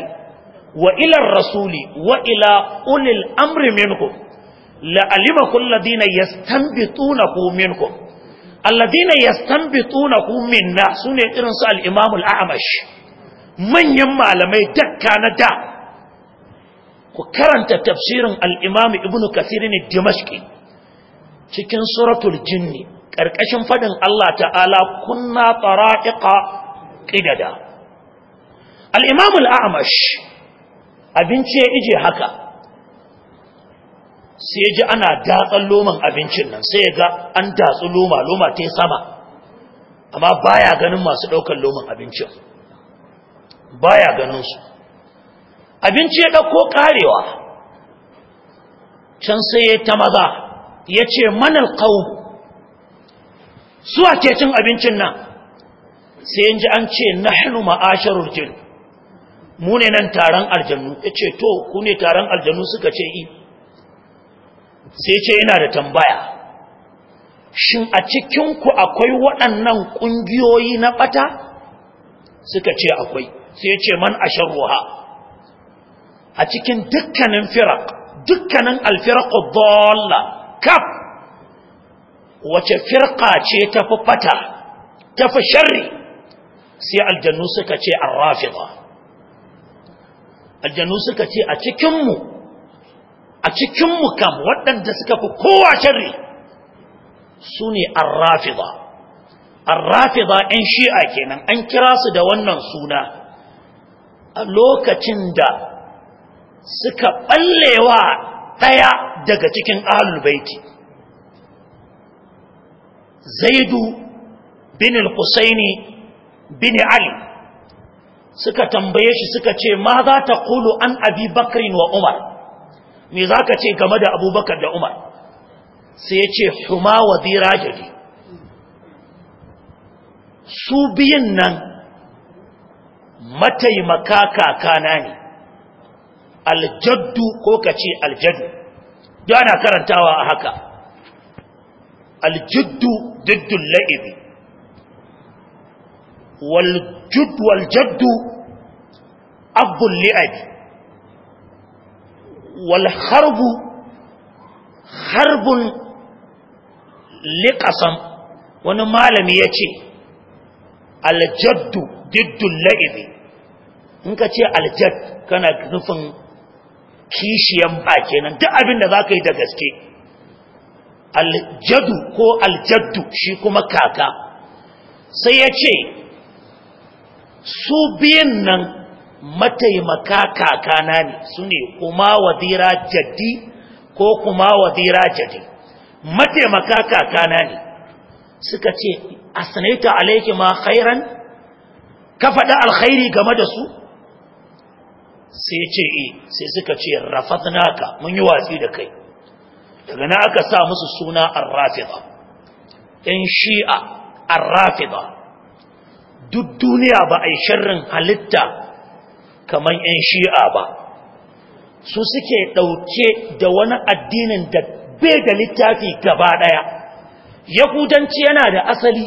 wa ila ar-rasuli wa ila ulil amri minkum la alima kullu ladina yastanbitunahu minkum alladina yastanbitunahu minna sune irin su al-imam al-a'mash manyan malamai dakka na da ku karanta tafsirin al-imam ibn kathir ne dimashqi cikin suratul jinni ƙarƙashin faɗin Allah ta'ala kunna tara'iqa qidada al-imam al-a'mash abinci ya ije haka sai ji ana datsan loman abincin nan sai ya ga an datsu loma loma ta sama amma baya ganin masu ɗaukar loman abincin baya ganin su abinci ya ɗauko karewa can sai ya ta maza ya ce manal kawo suwa ke cin abincin nan sai yin ji an ce na hannu ma'asharar jin mu ne nan taron aljannu ya ce to ku ne taron aljannu suka ce yi? sai ce yana da tambaya shin a cikinku akwai waɗannan ƙungiyoyi na ɓata suka ce akwai sai ce man asharuwa a cikin dukkanin firaq dukkanin alfiraqu dhalla kaf wace firka ce ta fi fata ta fi sharri sai aljannu suka ce ar-rafida aljannu suka ce a cikinmu a cikin kam waɗanda suka fi kowa sharri sune an rafida ar-rafida ɗan shi'a kenan an kira su da wannan suna a lokacin da suka ɓallewa ɗaya daga cikin baiti zaidu bin al-husaini bin ali suka tambaye shi suka ce ma za ta kulu an abi bakrin wa umar me za ka ce game da abubakar da umar sai ya ce huma wa zirajadi su biyun nan mataimaka kakana ne aljaddu ko ka ce aljaddu duk ana karantawa a haka aljaddu diddun la'ibi waljaddu abun li'abi walharbu harbun liƙasan wani malami ya ce aljaddu diddun la'ibi in ka ce aljad kana nufin kishiyan ba kenan duk abin da za ka yi da gaske aljadu ko aljaddu shi kuma kaka sai ya ce su biyan nan mataimaka kakana ne su ne kuma wadira jaddi ko kuma wadira jaddi mataimaka kakana ne suka ce asnaita alaiki ma khairan ka faɗi alkhairi game da su sai ce e sai suka ce rafatnaka mun yi watsi da kai daga na aka sa musu suna arrafida Yan shi'a arrafida duk duniya ba ai sharrin halitta kaman ‘yan shi'a ba su suke ɗauke da wani addinin da bai da littafi gaba ɗaya yahudanci yana da asali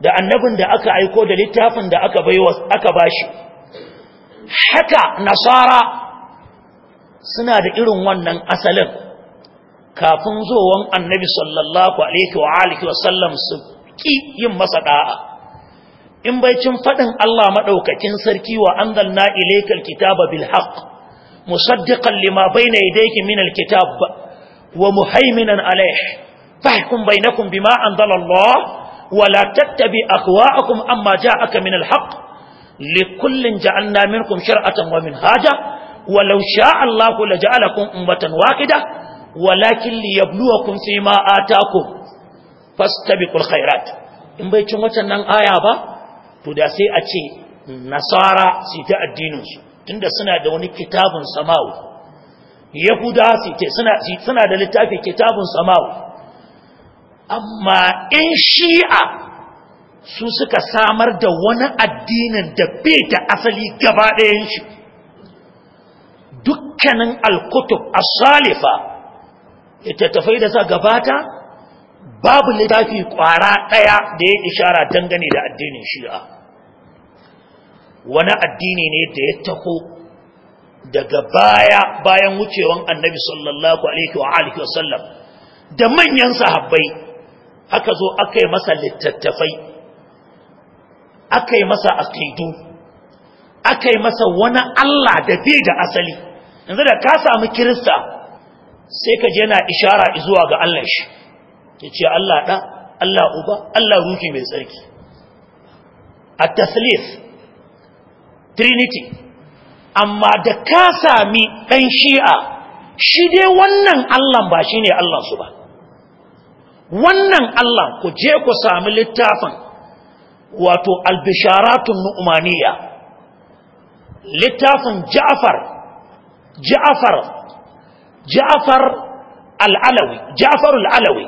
da annabin da aka aiko da littafin da aka bashi haka nasara suna da irin wannan asalin kafin zuwan annabi sallallahu alaihi wa alihi wa sallam su ki yin masa da'a in cin fadin Allah madaukakin sarki wa anzalna ilaykal kitaba bil haqq musaddiqan lima bayna yadayki min al kitab wa muhaiminan alayhi fahkum bainakum bima anzala Allah wa la tattabi ahwa'akum amma ja'aka min al haqq likullin ja'alna minkum shir'atan wa minhaja walau sha'a Allahu laja'alakum ummatan waqida walakin liyabluwakum fima ataakum fastabiqul khairat in bai cin nan aya ba to da sai a ce nasara su ta addinin su tunda suna da wani kitabun samawi yahuda su ta suna da littafi kitabun samawi amma in shi'a su suka samar da wani addinin da bai da asali gaba ɗayan shi dukkanin alkutub asalifa salifa littattafai da sa gabata babu littafi kwara ɗaya da ya ishara dangane da addinin shi'a wani addini ne da ya taho daga baya bayan wucewan annabi sallallahu alaihi wa alihi wasallam da manyan sahabbai aka zo aka yi masa littattafai aka yi masa aqidu aka yi masa wani Allah da bai da asali yanzu da ka samu kirista sai ka je na ishara izuwa ga Allah shi ya ce Allah ɗa Allah uba Allah ruhi mai tsarki a taslif trinity amma da ka sami ɗan shi'a shi dai wannan Allah ba shine ne Allah su ba wannan Allah ku je ku sami littafin wato albisharatun nu'umaniya littafin ja'far ja'far ja'far al'alawi ja'far al'alawi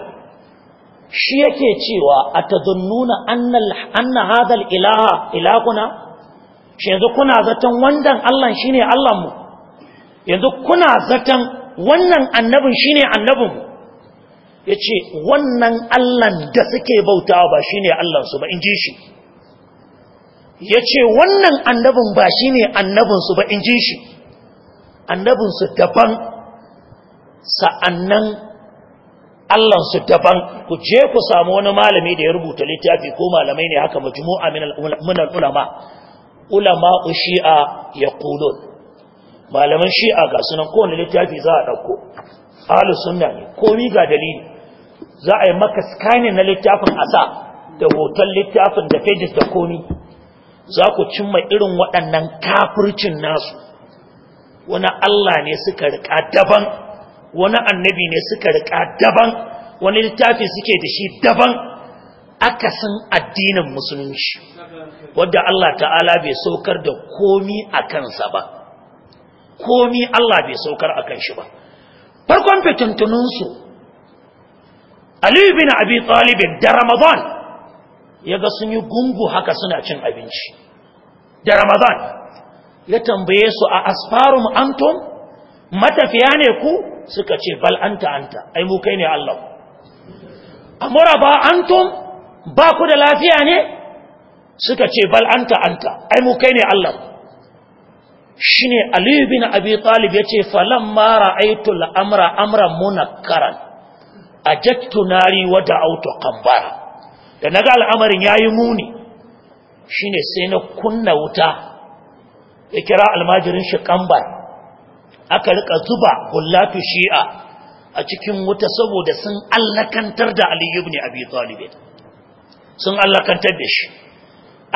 shi yake cewa a tazunnuna anna hadal ilaha ilakuna? shi yanzu kuna zaton wannan Allah shine Allahnmu yanzu kuna zaton wannan annabin shine annabinmu ya ce wannan allan da suke bautawa ba shi ne allansu ba in ji shi ya ce wannan annabin ba shi ne annabinsu ba in ji shi annabinsu daban sa'annan allansu daban ku je ku samu wani malami da ya rubuta littafi ko malamai ne haka majmu'a min ulama ulama shi'a ya kulun malaman shi'a ga sunan kowane littafi za a ɗauko ahlu sunna ne komi ga dalili za a yi maka scanning na littafin asa da hoton littafin da pages da komi za ku cimma irin waɗannan kafircin nasu wani Allah ne suka riƙa daban wani annabi ne suka riƙa daban wani littafi suke da shi daban aka akasin addinin musulunci wadda Allah ta'ala bai saukar da komi a kansa ba komi Allah bai saukar a kan shi ba farkon fitintuninsu aliyu bin abi talibin da ramadan ya ga sun yi gungu haka suna cin abinci da ramadan ya tambaye su a asfarum antum matafiya ne ku suka ce bal anta anta ai mu kai ne Allah amura ba antum ba ku da lafiya ne suka ce bal anta anta ai mu kai ne Allah shine Ali bin Abi Talib yace falamma ra'aytu al-amra amran munakkaran ajattu nari wa da'awtu qabbara da naga al'amarin yayi muni shine sai na kunna wuta ya kira almajirin shi kambar aka rika zuba gullatu shi'a a cikin wuta saboda sun allakantar da Ali ibn Abi Talib sun allakantar da shi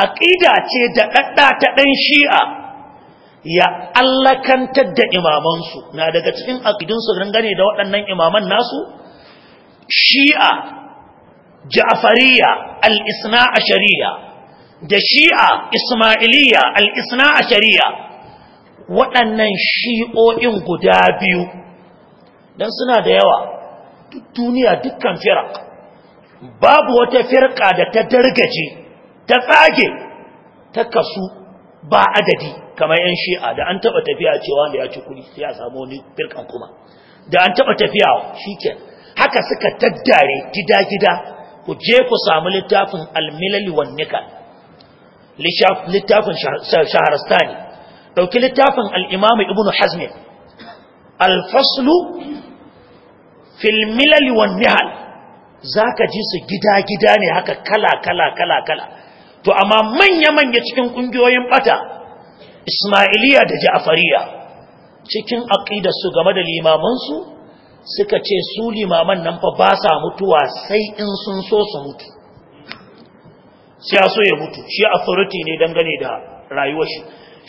aqida ce da ɗaɗɗa ta ɗan shi'a ya allakantar da imamansu na daga cikin aqidinsu dangane da waɗannan imaman nasu shi'a ja'fariya al-isna ashariya da shi'a ismailiya al-isna ashariya waɗannan shi'o'in guda biyu dan suna da yawa duk duniya dukkan firaq babu wata firqa da ta dargaje ta tsage ta kasu ba adadi kamar yan shi'a da an taba tafiya cewa da ya ci kuri sai samu wani firkan kuma da an taba tafiya shike haka suka daddare gida-gida ku je ku samu littafin almilali wan nikal littafin shaharastani dauki littafin al-imam ibnu hazm al-faslu fil milali wan nihal zaka ji su gida-gida ne haka kala kala kala kala to amma manya-manya cikin kungiyoyin bata Ismailiya da Ja'fariya cikin su game da limamansu suka ce su limaman nan fa ba sa mutuwa sai in sun so su mutu sai ya so ya mutu shi authority ne dangane da rayuwar shi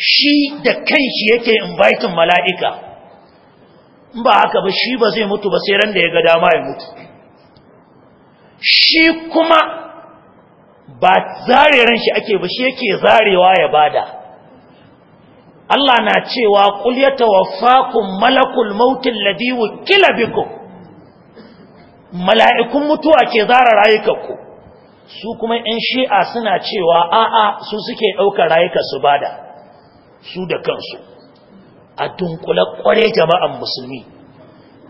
shi da kanshi yake inviting mala'ika in ba haka ba shi ba zai mutu ba sai ran da ya ga dama ya mutu shi kuma ba zare ran shi ake ba shi yake zarewa ya bada Allah na cewa kul tawaffa ku malakul maut ladhi wukila bikum mala'ikun mutuwa ke zara rayukanku su kuma ‘yan shi'a suna cewa a'a su suke ɗaukar rayuka su bada su da kansu a dunkula ƙware jama'an musulmi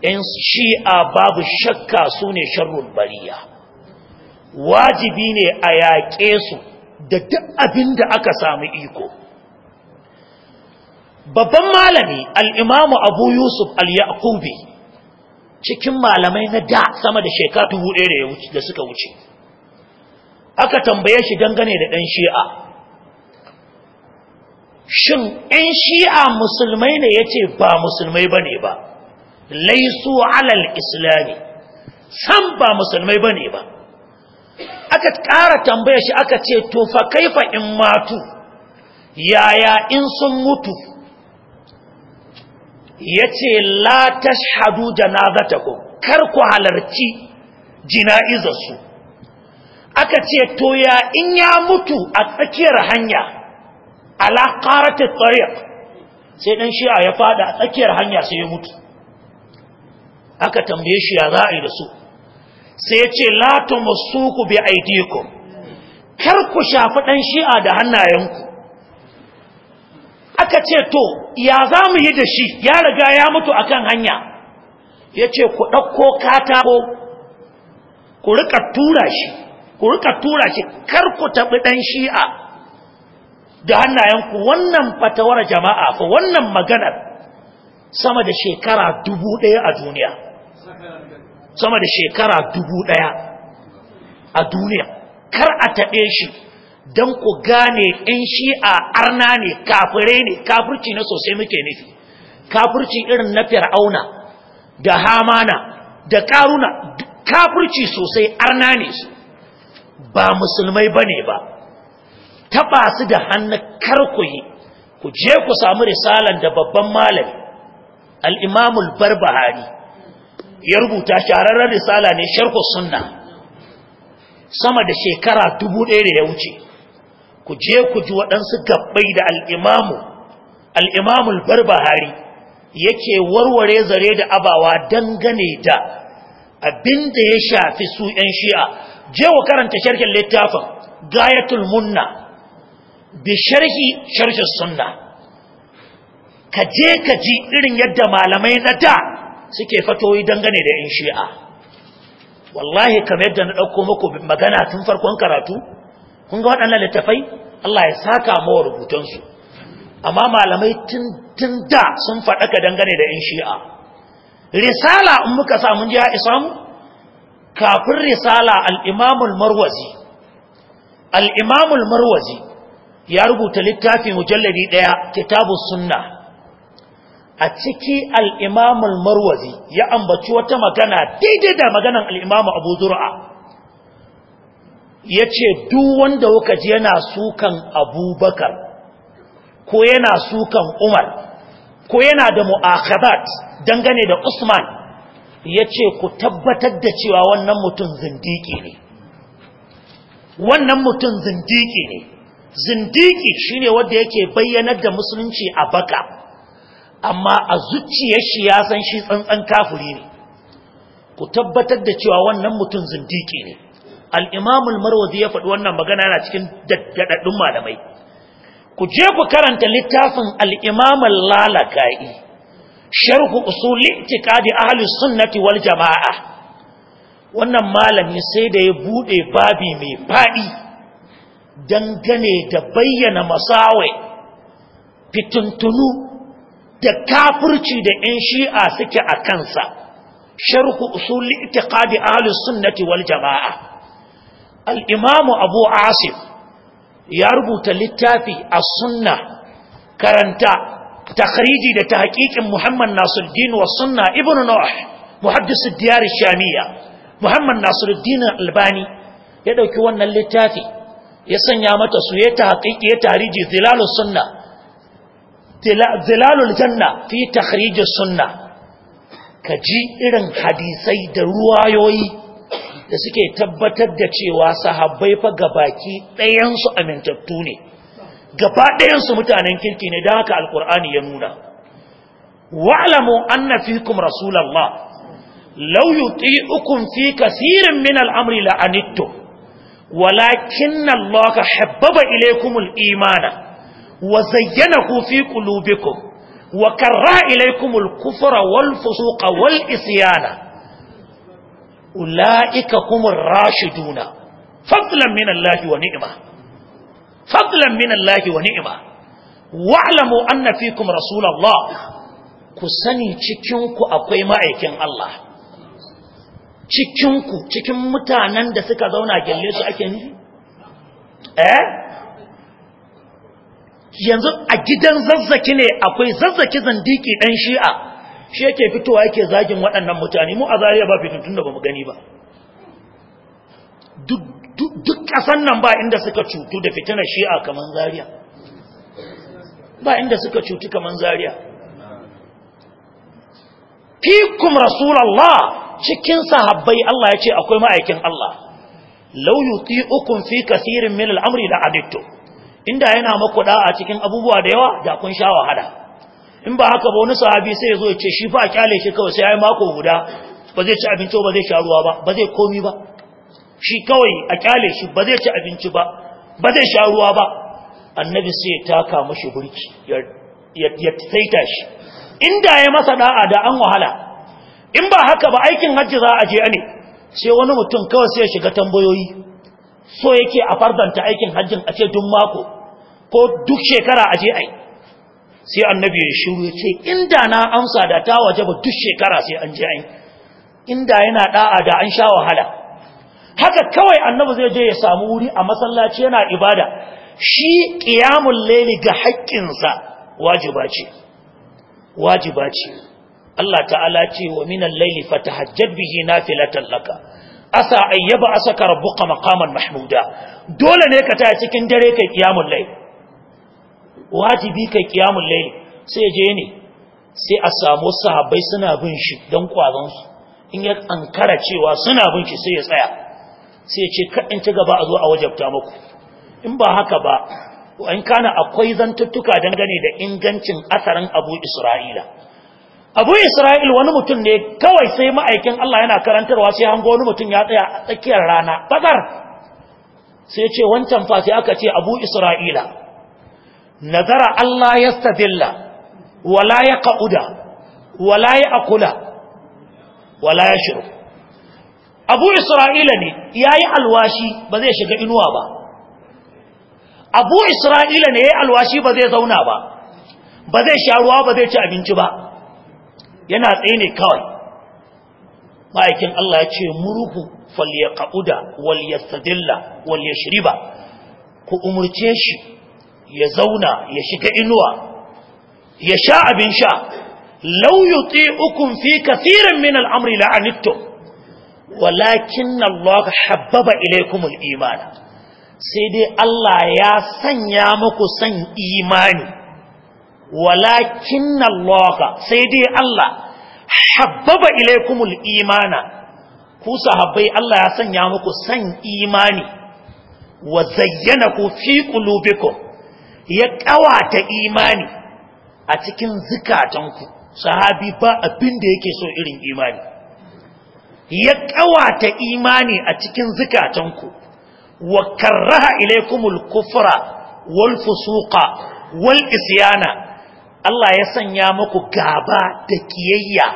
‘yan shi'a babu shakka su ne sharrun bariya wajibi ne a yaƙe su da duk abin da aka samu iko babban malami al al'imamu abu yusuf al-yaqubi cikin malamai na da sama da shekara dubu ɗaya da suka wuce aka tambaye shi dangane da ɗan shi'a shin ɗan shi'a musulmai ne ya ce ba musulmai ba ne ba laisu alal islami san ba musulmai ba ba aka ƙara tambaye shi aka ce to fa kaifa in matu yaya in sun mutu yace la tashhadu janazatakum kar ku halarci jina'izarsu aka ce to ya in ya mutu a tsakiyar hanya ala qaratit tariq sai dan shi'a ya fada a tsakiyar hanya sai ya mutu aka tambaye shi ya yi da su sai ya ce la tumassuku bi aidikum kar ku shafi dan shi'a da hannayenku aka ce to ya za mu yi da shi ya riga ya mutu akan hanya ya ce ku ɗauko katako ku rika tura shi ku rika tura shi kar ku taɓi ɗan shi'a da hannayenku wannan fatawar jama'a fa wannan maganar sama da shekara dubu ɗaya a duniya sama da shekara dubu ɗaya a duniya kar a taɓe shi don ku gane ɗin shi'a arna ne kafire ne kafirci na sosai muke nufi kafirci irin na fir'auna da hamana da karuna kafirci sosai arna ne su ba musulmai ba ne ba taɓa su da hannu karkuyi ku je ku samu risalan da babban malami al'imamul barbahari ya rubuta shahararren risala ne sharhu sunna sama da shekara dubu ɗaya da ya wuce ku je ku ji waɗansu gabbai da al'imamu al'imamul barbahari yake warware zare da abawa dangane da abin da ya shafi su ‘yan shi'a je wa karanta sharhin littafin gayatul munna bi sharhi sharhin sunna ka je ka ji irin yadda malamai na da suke fatoyi dangane da ‘yan shi'a wallahi kamar yadda na ɗauko muku magana tun farkon karatu kun ga waɗannan littafai Allah ya saka mawa rubutansu amma malamai tun da sun ka dangane da 'yan shi'a risala in muka sa mun ji ya isa mu kafin risala al'imamul marwazi al'imamul marwazi ya rubuta littafi mujalladi ɗaya kitabu sunna a ciki al'imamul marwazi ya ambaci wata magana daidai da maganan al'imamu abu zura ya ce duk wanda kuka ji yana sukan abubakar ko yana sukan umar ko yana da mu'akabat dangane da usman ya ce ku tabbatar da cewa wannan mutum zindiki ne wannan mutum zindiki ne zindiki shi ne wanda yake bayyanar da musulunci a baka amma a zuciyar shi ya san shi tsantsan kafuri ne ku tabbatar da cewa wannan mutum zindiki ne al'imamul marwazi ya faɗi wannan magana yana cikin daɗaɗɗun malamai ku je ku karanta littafin al'imamul lalaka'i sharhu usulin tikadi ahalus sunnati wal jama'a wannan malami sai da ya buɗe babi mai faɗi dangane da bayyana masawai fituntunu, da kafirci da ‘yan shi'a suke a kansa sharhu usulin tikadi ahalus sunnati wal jama'a al'imamu abu asif ya rubuta littafi a sunna karanta takhriji da tahqiqin muhammad nasiruddin wa sunna Ibn nuh muhaddis diyar ash muhammad albani ya ɗauki wannan littafi ya sanya mata su ya tahqiqi ya tariji zilalus sunna zilalul janna fi takhrij sunna. sunna kaji irin hadisai da ruwayoyi da suke tabbatar da cewa sahabbai fa gabaki ɗayansu amintattu ne gaba ɗayansu mutanen kirki ne don haka alkur'ani ya nuna wa'lamu anna rasulallah law ukun fi kaseerin min al'amri la'anittum walakinna allaha habbaba ilaykumul imana wa ku fi qulubikum wa karra ilaykumul kufra wal fusuqa wal isyana ula'ika kuma rashiduna fadlan min Allah wa ni'ima fadlan min Allah wa ni'ima wa'lamu anna fikum rasulallah, ku sani cikinku akwai ma'aikin Allah cikin cikin mutanen da suka zauna gelle su ake ni? eh yanzu a gidan zazzaki ne akwai zazzaki zandiki ɗan shi'a shi yake fitowa yake zagin waɗannan mutane mu a zariya ba fitintun da ba mu gani ba duk ƙasan nan ba inda suka cutu da fitinar shi'a kaman zariya ba inda suka cutu kaman zariya fikum rasulallah cikin sahabbai Allah ya ce akwai ma'aikin Allah lau ukun fi kasirin min al'amri da adittu inda yana makuda a cikin abubuwa da yawa da kun sha wahala in ba haka ba wani sahabi sai ya zo ya ce shi fa a kyale shi kawai sai ya yi mako guda ba zai ci abinci ba zai sha ruwa ba ba zai komi ba shi kawai a kyale shi ba zai ci abinci ba ba zai sha ruwa ba annabi sai ya taka mashi burki ya taita shi inda ya masa da'a da an wahala in ba haka ba aikin hajji za a je ne sai wani mutum kawai sai ya shiga tambayoyi so yake a fardanta aikin hajjin a ce duk mako ko duk shekara a je ai sai annabi ya shiru ya ce inda na amsa da ta waje ba duk shekara sai an ji inda yana da'a da an sha wahala haka kawai annabi zai je ya samu wuri a masallaci yana ibada shi qiyamul layli ga haƙƙinsa wajiba ce wajiba ce Allah ta'ala ce wa minal layli fatahajjad bihi nafilatan laka asa ayyaba asaka rabbuka maqaman mahmuda dole ne ka taya cikin dare kai qiyamul layli wajibi kai qiyamul laili sai je ne sai a samu sahabbai suna bin shi dan kwazon su in ya ankara cewa suna bin shi sai ya tsaya sai ya ce kadin ci gaba a zo a wajabta muku in ba haka ba in kana akwai zantuttuka dangane da ingancin asarin Abu Isra'ila Abu Isra'il wani mutum ne kawai sai ma'aikin Allah yana karantarwa sai hango wani mutum ya tsaya a tsakiyar rana bazar sai ce wancan fa sai aka ce Abu Isra'ila nazara Allah ya stadilla wala ya ka'uda wala ya akula wala ya shiru abu isra'ila ne ya yi alwashi ba zai shiga inuwa ba abu isra'ila ne ya yi alwashi ba zai zauna ba ba zai sha ruwa ba zai ci abinci ba yana tsaye ne kawai ma'aikin Allah ya ce murhu falyaqauda walyastadilla walyashriba ku umurce shi ya zauna ya shiga inuwa ya sha abin sha lau ukun fi kathirin min al'amri la'anittum walakin Allah habbaba ilaykumul imana sai dai Allah ya sanya muku san imani walakin Allah sai dai Allah habbaba ilaikumul imana ku sahabbai Allah ya sanya muku san imani wa zayyana ku fi qulubikum ya ƙawata imani a cikin zukatanku sahabi ba abin da yake so irin imani ya ƙawata imani a cikin zikatanku wa karraha ilaikumul kufra wal fusuqa wal isyana Allah ya sanya muku gaba da kiyayya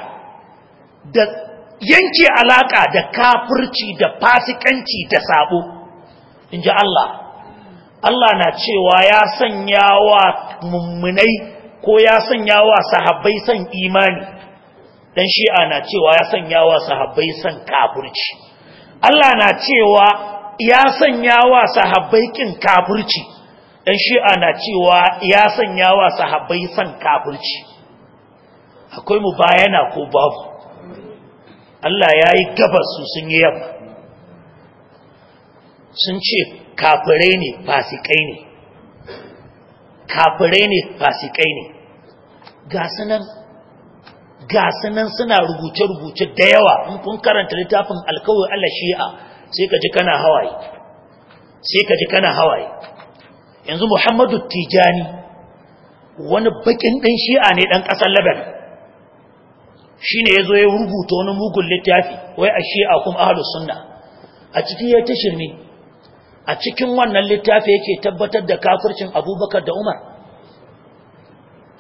da yanke alaka da kafirci da fasikanci da sabo inji Allah Allah na cewa ya sanya wa mummunai ko ya sanya wa sahabbai san imani dan shi'a na cewa ya sanya wa sahabbai san kafirci Allah na cewa ya sanya wa sahabbai kin kafirci dan shi'a na cewa ya sanya wa sahabbai san kafirci akwai mu bayana ko babu Allah ya yi gabas su sun yi yamma sun ce kafirai ne fasikai ne kafirai ne fasikai ne gasunan suna rubuce-rubuce da yawa in kun karanta littafin alkawai Allah shi'a sai ka ji kana hawaye sai ka ji kana hawaye yanzu Muhammadu Tijani wani bakin ɗin shi'a ne ɗan ƙasar Laban. shine ne ya zo ya rubuta wani mugun littafi wai a shi'a kuma ahlu sunna a cikin ya ta shirme a cikin wannan littafi yake tabbatar da kafircin abubakar da umar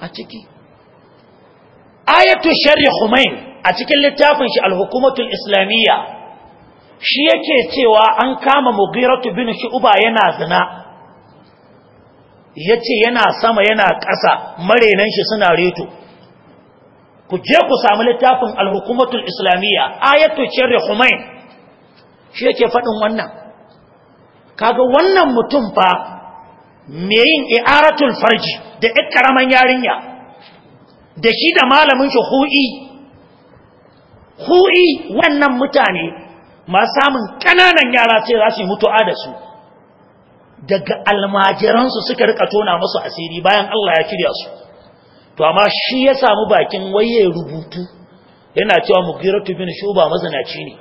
a ciki ayatu sharri humain a cikin littafin shi alhukumatul islamiyya shi yake cewa an kama mugiratu bin shu'ba yana zina yace yana sama yana ƙasa marenan shi suna reto ku je ku samu littafin al-hukumatul islamiyya ayatu sharri humain shi yake faɗin wannan kaga wannan mutum fa mai yin i'aratul farji da ɗan karaman yarinya da shi da malamin shi hu'i hu'i wannan mutane ma samun kananan yara sai za su mutu'a da su daga almajiransu suka rika tona musu asiri bayan Allah ya kirya su to amma shi ya samu bakin waye rubutu yana cewa mugiratu bin shuba mazanaci ne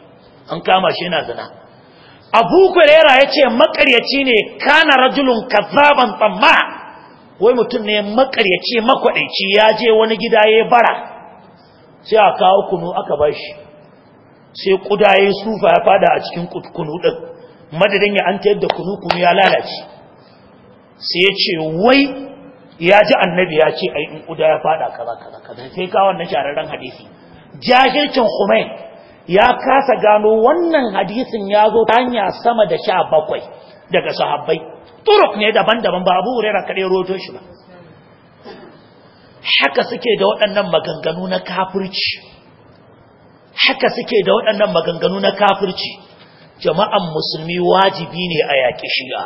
an kama shi yana zina abu kurera ya ce makaryaci ne kana rajulun kazaban tsamma wai mutum ne makaryaci makwadaici ya je wani gida ya bara sai a kawo kunu aka ba shi sai kuda ya sufa ya fada a cikin kunu ɗin madadin ya an da kunu kunu ya lalace sai ya ce wai ya ji annabi ya ce ai in kuda ya fada kaza kaza kaza sai kawo wannan shararren hadisi jahilcin khumain ya kasa gano wannan hadisin ya zo ta hanya sama da sha bakwai daga sahabbai turuk ne daban-daban ba abu hurera kaɗai roto shi ba haka suke da waɗannan maganganu na kafirci haka suke da waɗannan maganganu na kafirci jama'an musulmi wajibi ne a yaƙi shi'a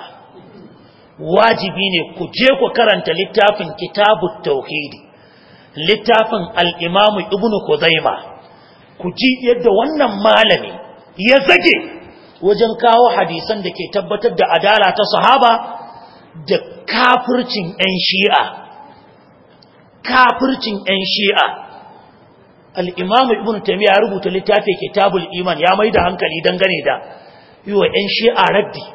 wajibi ne ku je ku karanta littafin kitabu tauhidi littafin al'imamu ibnu kuzaima ku ji yadda wannan malami ya zage wajen kawo hadisan da ke tabbatar da adala ta sahaba da kafircin 'yan shi'a kafircin 'yan shi'a al'imam ibn taimiyya ya rubuta littafi kitabul iman ya mai da hankali dangane da yi wa 'yan shi'a raddi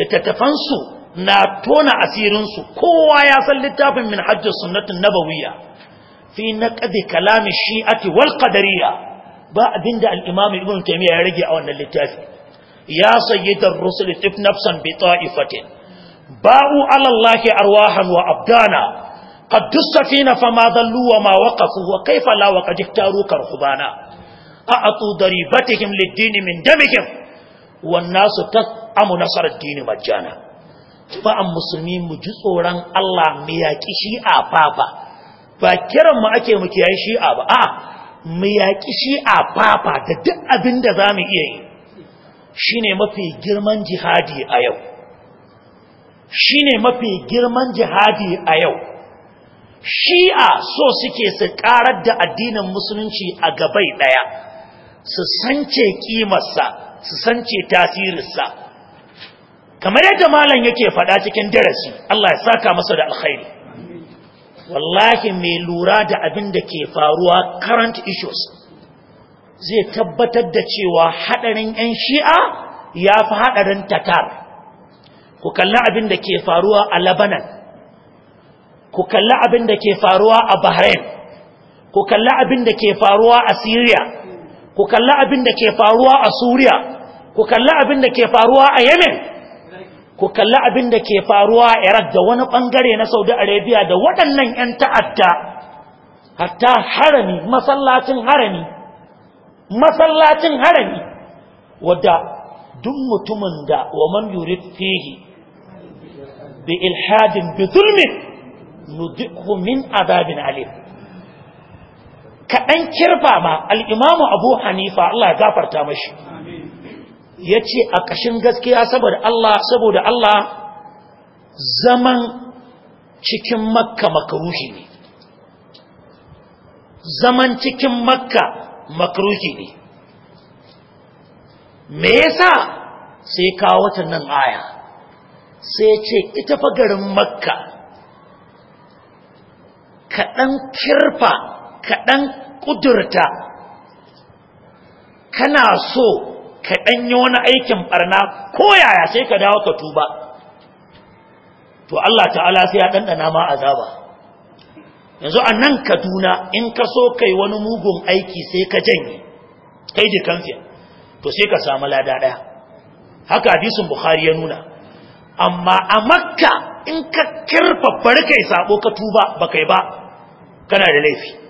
littattafansu na tona asirinsu kowa ya san littafin min hajjar sunnatun nabawiyya fi naqdi kalam shi'ati wal qadariyya ba abinda al-imam ibn taymiya ya rage a wannan littafi ya sayyidar rusul tif nafsan bi ta'ifatin ba'u ala allahi arwahan wa abdana qad tusafina fama dhallu wa ma waqafu wa kayfa la wa qad iftaru karhubana a'atu daribatihim lid-din min damihim wan nasu tas'amu nasar ad-din majjana ba musulmi mu ji tsoron Allah mu yaki shi'a fafa ba kiran mu ake mu kiyaye shi'a ba a mu yaƙi shi'a fafa da duk abin da za mu iya yi shine mafi girman jihadi a yau shine mafi girman jihadi a yau shi'a so suke su karar da addinin musulunci a gabai ɗaya, su sance ƙimarsa, su sance tasirinsa kamar yadda malam yake faɗa cikin darasi Allah ya saka masa da alkhairi wallahi mai lura da abin da ke faruwa current issues zai tabbatar da cewa haɗarin 'yan shi'a ya fi haɗarin tatar ku kalli abin da ke faruwa a labanan ku kalli abin da ke faruwa a bahrain ku kalli abin da ke faruwa a syria ku kalli abin da ke faruwa a suriya ku kalli abin da ke faruwa a yemen ku kalli abin da ke faruwa a Iraq da wani ɓangare na Saudi Arabia da waɗannan 'yan ta'adda hatta harami masallacin harami masallacin harami wadda duk mutumin da wa man yurid fihi bi ilhadin bi zulmin nudhiqhu min adabin alim kaɗan kirfa ma al'imamu abu hanifa Allah ya gafarta mashi ya ce a ƙashin gaskiya saboda Allah saboda Allah zaman cikin makka makaruhi ne zaman cikin makka makaruhi ne me yasa sai kawo wata nan aya sai ce ita fa garin makka kaɗan kirfa kaɗan ƙudurta kana so ka danyi wani aikin barna ko yaya sai ka dawo ka tuba to Allah ta'ala sai ya dandana ma azaba yanzu a nan Kaduna in ka so kai wani mugun aiki sai ka janye kai da kanfiya to sai ka samu lada daya haka hadisin Bukhari ya nuna amma a Makka in ka kirfa barkai sabo ka tuba ba kai ba kana da laifi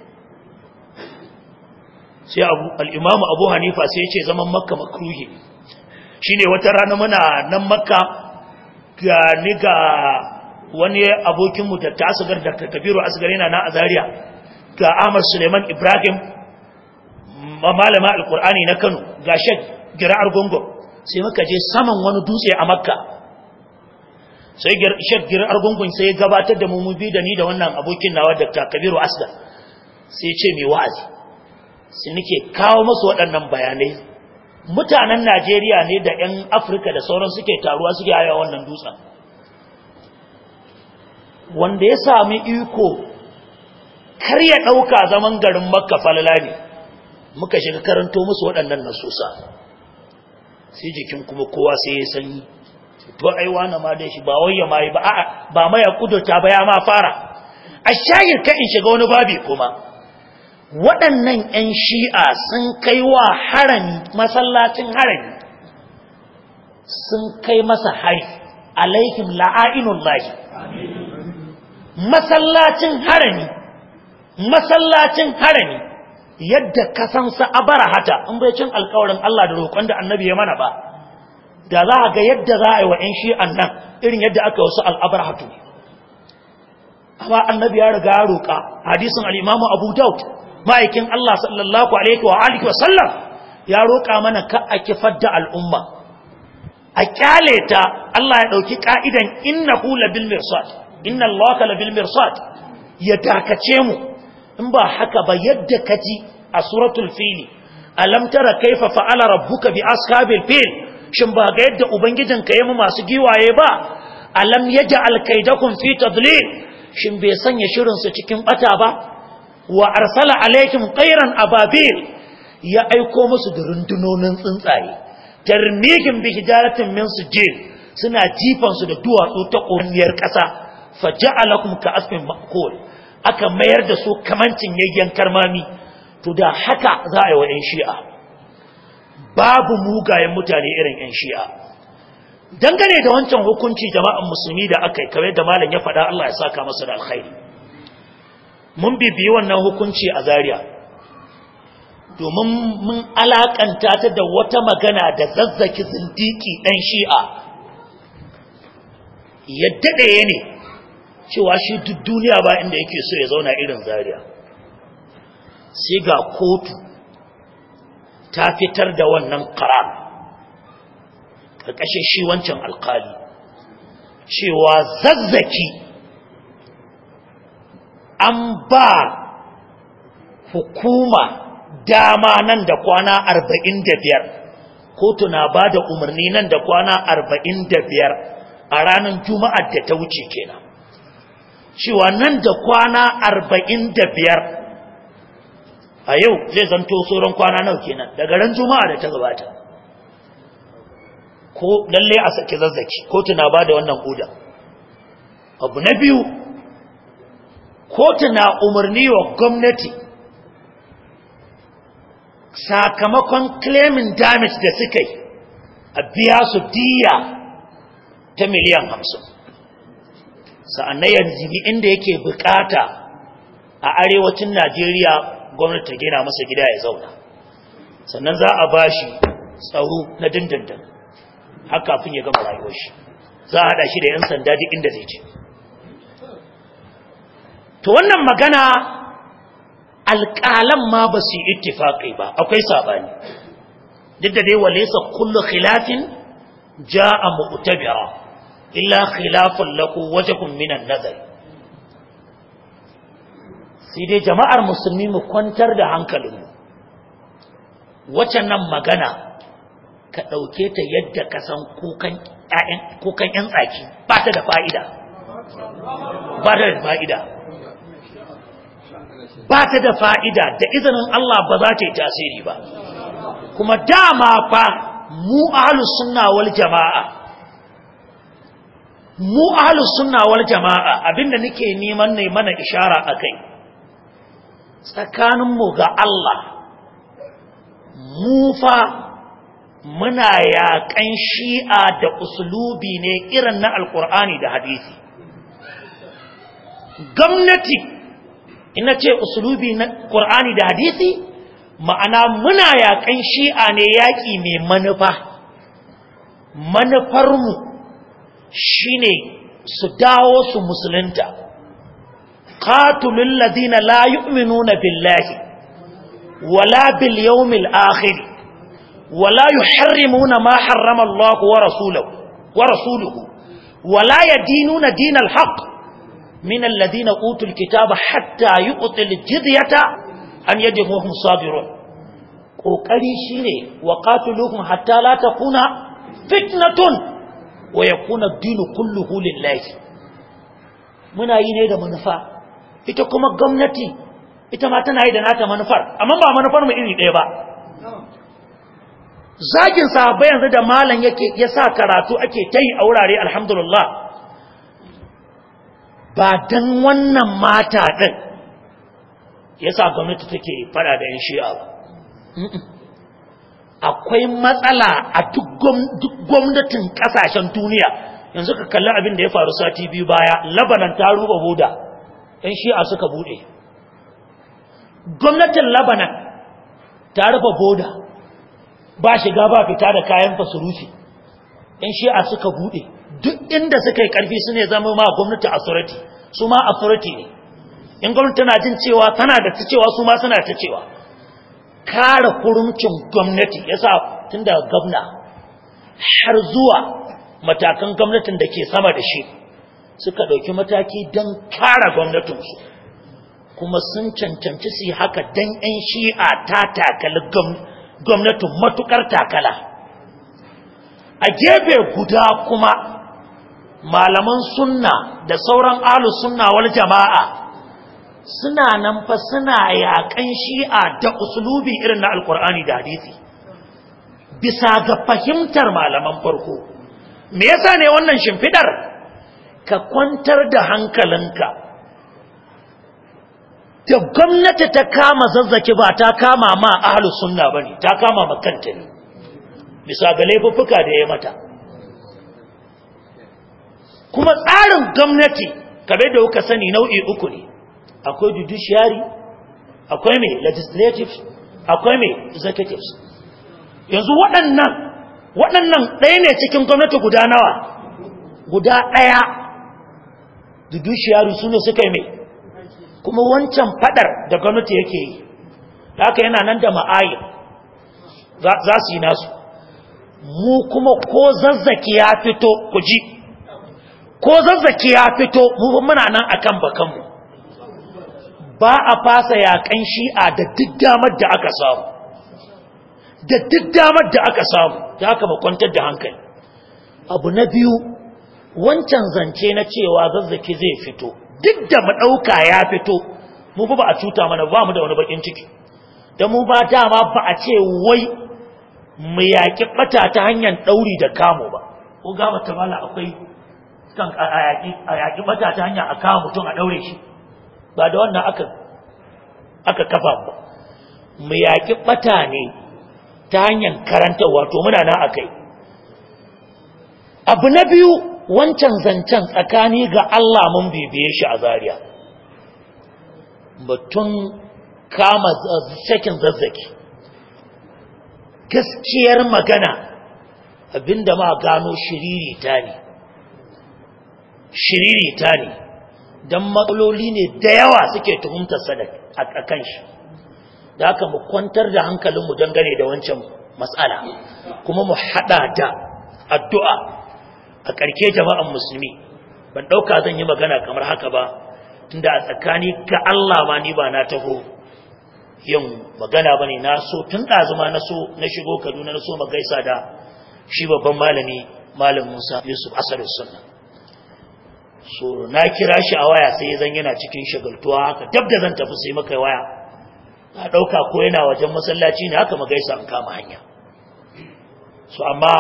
sai al'imamu abu hanifa sai ya ce zaman makka makruhi shi ne wata rana muna nan makka ga ni ga wani abokinmu da ta asigar da kabiru asigar yana na azariya ga ahmad suleiman ibrahim malama alkur'ani na kano ga shek gira'ar gongo sai muka je saman wani dutse a makka sai shek gira'ar gongon sai gabatar da mu bi da ni da wannan abokin nawa da kabiru asigar sai ce mai wa'azi su nake kawo masu waɗannan bayanai mutanen najeriya ne da 'yan afirka da sauran suke taruwa suke haya wannan dutsen wanda ya sami iko kar ya ɗauka zaman garin makka falala ne muka shiga karanto musu waɗannan nasusa sai jikin kuma kowa sai ya sanyi to ai wani ma da shi ba wai ya mai ba a'a ba ma kudurta ba ya ma fara a shayir ka in shiga wani babi kuma waɗannan 'yan shi'a sun kai wa harami masallacin harami sun kai masa hari alaikim la'ainun lahi masallacin harami masallacin harami yadda ka san sa'abara hata in bai cin alkawarin Allah da roƙon da annabi ya mana ba da za a ga yadda za a yi wa 'yan shi'an nan irin yadda aka wasu al'abar hatu amma annabi ya riga roƙa hadisin al'imamu abu daud ma'aikin Allah sallallahu alaihi wa alihi wasallam ya roƙa mana ka a kifar da al'umma a kyale ta Allah ya ɗauki ƙa'idan innahu labil mirsad inna allaka labil mirsad ya dakace mu in ba haka ba yadda ka ji a suratul fili alam tara kaifa fa'ala rabbuka bi ashabil fil shin ba ga yadda yi mu masu giwaye ba alam yaj'al kaidakum fi tadlil shin bai sanya shirin su cikin bata ba wa arsala alaikum qairan ababil ya aiko musu da rundunonin tsuntsaye tarmikin bi hijaratin min sujil suna jifan su da duwatsu ta kasa ƙasa ja'alakum ka asfin maqul aka mayar da su kamancin yayyan karmami to da haka za a yi wa 'yan shi'a babu mugayen mutane irin 'yan shi'a dangane da wancan hukunci jama'an musulmi da aka yi kamar da malam ya faɗa Allah ya saka masa da alkhairi mun bibiyi wannan hukunci a Zariya domin mun alakanta ta da wata magana da zazzaki zindiki ɗan shi'a ya daɗe ne cewa shi duk duniya ba inda yake so ya zauna irin Zariya. sai ga kotu ta fitar da wannan karar ƙarƙashin shi wancan alƙali cewa zazzaki an ba hukuma dama nan da kwana arba'in da biyar kotu na ba da umarni nan da kwana arba'in da biyar a ranar juma'ar da ta wuce kenan cewa nan da kwana arba'in da biyar a yau zai zanto sauran kwana nau kenan daga ran juma'a da ta gabata ko lalle a sake zazzaki kotu na ba da wannan kuda abu na biyu kotu na umarni wa gwamnati sakamakon claiming damage da suka yi a biya su diya ta miliyan hamsin sa'annan yanzu ni inda yake bukata a arewacin najeriya gwamnati ta gina masa gida ya zauna sannan za a bashi tsaro na dindindin haka kafin ya gama rayuwar shi za a haɗa shi da 'yan sanda duk inda zai ce to wannan magana alƙalan ma ba su yi ittifaƙi ba akwai saɓani duk da dai walesa kullu khilafin ja a mu'tabira illa khilafun laku wajen minan nazari sai dai jama'ar musulmi mu kwantar da hankalinmu waccan nan magana ka ɗauke ta yadda ka san kukan ‘yan tsaki ba ta da fa'ida ba ta da fa'ida ba ta da fa'ida da izinin Allah ba za ta yi tasiri ba kuma dama fa mu ahlus sunna wal jama'a mu sunna wal jama'a abinda nake neman ne mana ishara a kai? Tsakaninmu ga Allah mu fa muna yaƙan shi'a da usulubi ne irin na Alƙur'ani da hadisi gwamnati ina ce usulubi na Qur'ani da hadisi ma'ana muna yaƙan shi'a ne yaƙi mai manufa manufar mu shine su dawo su musulunta qatilul ladina la na billahi wala bil yawmil akhir wala yuharrimuna ma harrama Allah rasuluhu wa rasuluhu wala yadinuna dinal haqq min alladhina utul kitaba hatta yuqtil jizyata an yajhum sabirun kokari shine wa qatiluhum hatta la takuna fitnatun wa yakuna ad-din kulluhu lillahi muna yi ne da manufa ita kuma gwamnati ita ma tana yi da nata manufar amma ba manufar mu iri ɗaya ba zagin sahabbai yanzu da malam yake ya sa karatu ake tayi a wurare alhamdulillah ba dan wannan mata ɗin ya sa gwamnati take faɗa da yin shi'a akwai matsala a duk gwamnatin ƙasashen duniya yanzu ka kalli abin da ya faru sati biyu baya labanan ta ruba boda 'yan shi'a suka buɗe gwamnatin labanan ta rufe boda ba shiga ba fita da kayan fasurufi in shi'a suka bude duk inda suka yi karfi su ne zama ma gwamnati authority su ma authority ne in gwamnati tana jin cewa tana da ta cewa su ma suna ta cewa kare kurumcin gwamnati yasa tun daga gwamna har zuwa matakan gwamnatin da ke sama da shi suka ɗauki mataki don kare gwamnatinsu kuma sun cancanci su yi haka don 'yan shi'a ta takali gwamnatin matukar takala a gefe guda kuma malaman sunna da sauran alu sunna wal jama'a suna nan fa suna yaƙan shi'a da usulubi irin na alkur'ani da hadisi bisa ga fahimtar malaman farko me yasa ne wannan shimfidar ka kwantar da hankalinka da gwamnati ta kama zazzaki ba ta kama ma ahlus sunna bane ta kama makantani bisa ga laifuka da ya mata kuma tsarin gwamnati kabe da kuka sani nau'i uku ne akwai judiciary akwai mai legislative akwai mai executive. yanzu waɗannan waɗannan ɗaya ne cikin gwamnati guda nawa guda ɗaya judiciary su ne suka yi mai kuma wancan fadar da gwamnati yake yi da haka yana nan da ma'ayin za su yi nasu mu kuma ko zazzaki ya fito ku ji ko zazzaki ya fito mu muna nan akan bakanmu ba a fasa ya yakan a da diddamar da aka samu da diddamar da aka samu da aka makwantar da hankali abu na biyu wancan zance na cewa zazzaki zai fito duk da mu ɗauka ya fito mu ba a cuta mana ba mu da wani bakin ciki da mu ba dama ba a ce wai Mai yaƙi ɓata ta hanyar ɗauri da kamo ba ko gaba ta bala akwai kan a yaƙi ɓata ta hanyar a kama mutum a ɗaure shi ba da wannan aka kafa ba Mai yaƙi ɓata ne ta hanyar karanta wato muna na akai. abu na biyu wancan zancen tsakani ga Allah mun bibiye shi a zariya batun kama cikin zazzaki gaskiyar magana abinda ma gano shiriri ta ne shiriri ta ne don matsaloli ne da yawa suke tuhumtar sadak a kan shi da aka mu kwantar da hankalinmu dangane da wancan matsala kuma mu haɗa da addu'a a ƙarke jama'an musulmi ban ɗauka zan yi magana kamar haka ba tunda a tsakani ga Allah ma ni ba na taho yin magana ba ne na so tun ɗazuma na so na shigo kaduna na so magaisa da shi babban malami malam musa yusuf Asarar sunna so na kira shi a waya sai zan yana cikin shagaltuwa haka dab da zan tafi sai maka waya na ɗauka ko yana wajen masallaci ne haka magaisa an kama hanya so amma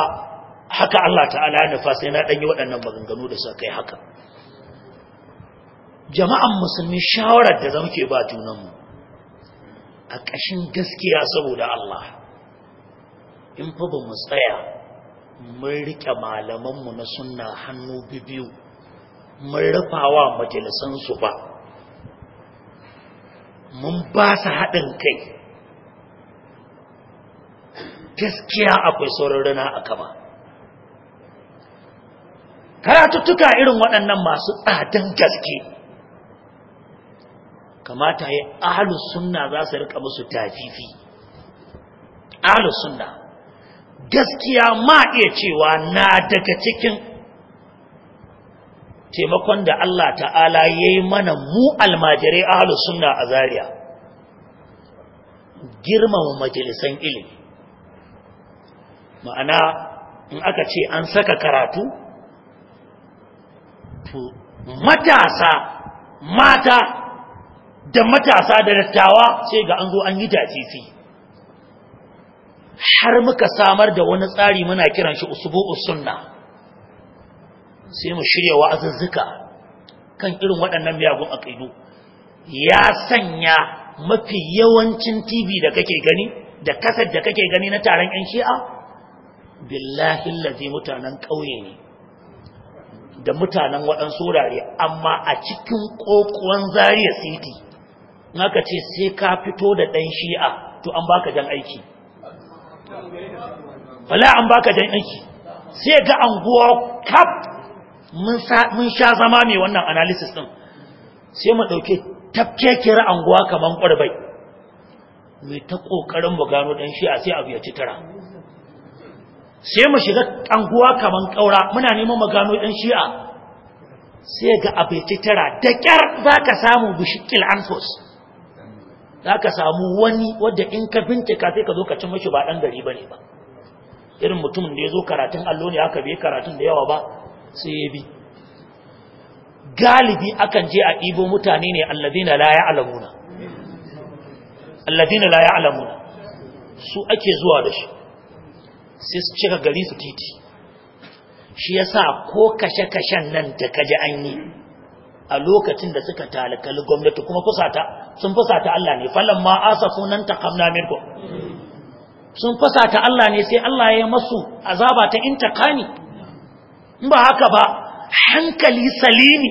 haka allah ta'ala ya nufa sai na ɗanyi waɗannan maganganu da suka kai haka jama'an musulmi shawarar da zan ke ba junanmu a ƙashin gaskiya saboda Allah in fa ba mu tsaya mun riƙe malamanmu na sunna hannu bibiyu mun wa majalisansu ba mun ba su haɗin kai gaskiya akwai sororuna rana a kama karatuttuka irin waɗannan masu tsadan gaske kamata ya ahlu sunna za su rika musu tafifi ahlu sunna gaskiya ma iya cewa na daga cikin taimakon da Allah ta'ala ya yi mana mu almajirai ahlu sunna a Zariya. girmama majalisan ilimi ma'ana in aka ce an saka karatu to matasa mata da matasa da dattawa sai ga an zo an yi tafifi har muka samar da wani tsari muna kiran shi usbu'us sunna sai mu shirya wa'azuzzuka kan irin waɗannan miyagun aqidu ya sanya mafi yawancin TV da kake gani da kasar da kake gani na taron ƴan shi'a billahi allazi mutanen ƙauye ne da mutanen waɗansu wurare amma a cikin ƙoƙuwan Zaria City naka aka ce sai ka fito da ɗan shi'a to an baka jan aiki wala an baka jan aiki sai ga anguwa kap mun sha zama mai wannan analysis ɗin sai mu ɗauke tafkekiyar anguwa kamar kurbai mai ta ƙoƙarin mu gano ɗan shi'a sai abu ya ci tara sai mu shiga anguwa kamar ƙaura muna neman mu gano ɗan shi'a sai ga abu ya ci tara da ƙyar za ka samu bishikil ansos za ka samu wani wadda in ka bincika sai ka zo ka ci mashi ba ɗan gari ba ne ba irin mutumin da ya zo karatun allo ne aka biye karatun da yawa ba sai ya bi galibi akan je a ibo mutane ne alladina la ya'lamuna alladina la ya'lamuna su ake zuwa da shi sai su cika gari su titi shi yasa ko kashe-kashen nan da kaji an yi a lokacin da suka talakali gwamnati kuma fusata sun fusata Allah ne falan ma asafunan taqamna minkum sun fusata Allah ne sai Allah ya masu azaba ta intakani in ba haka ba hankali salimi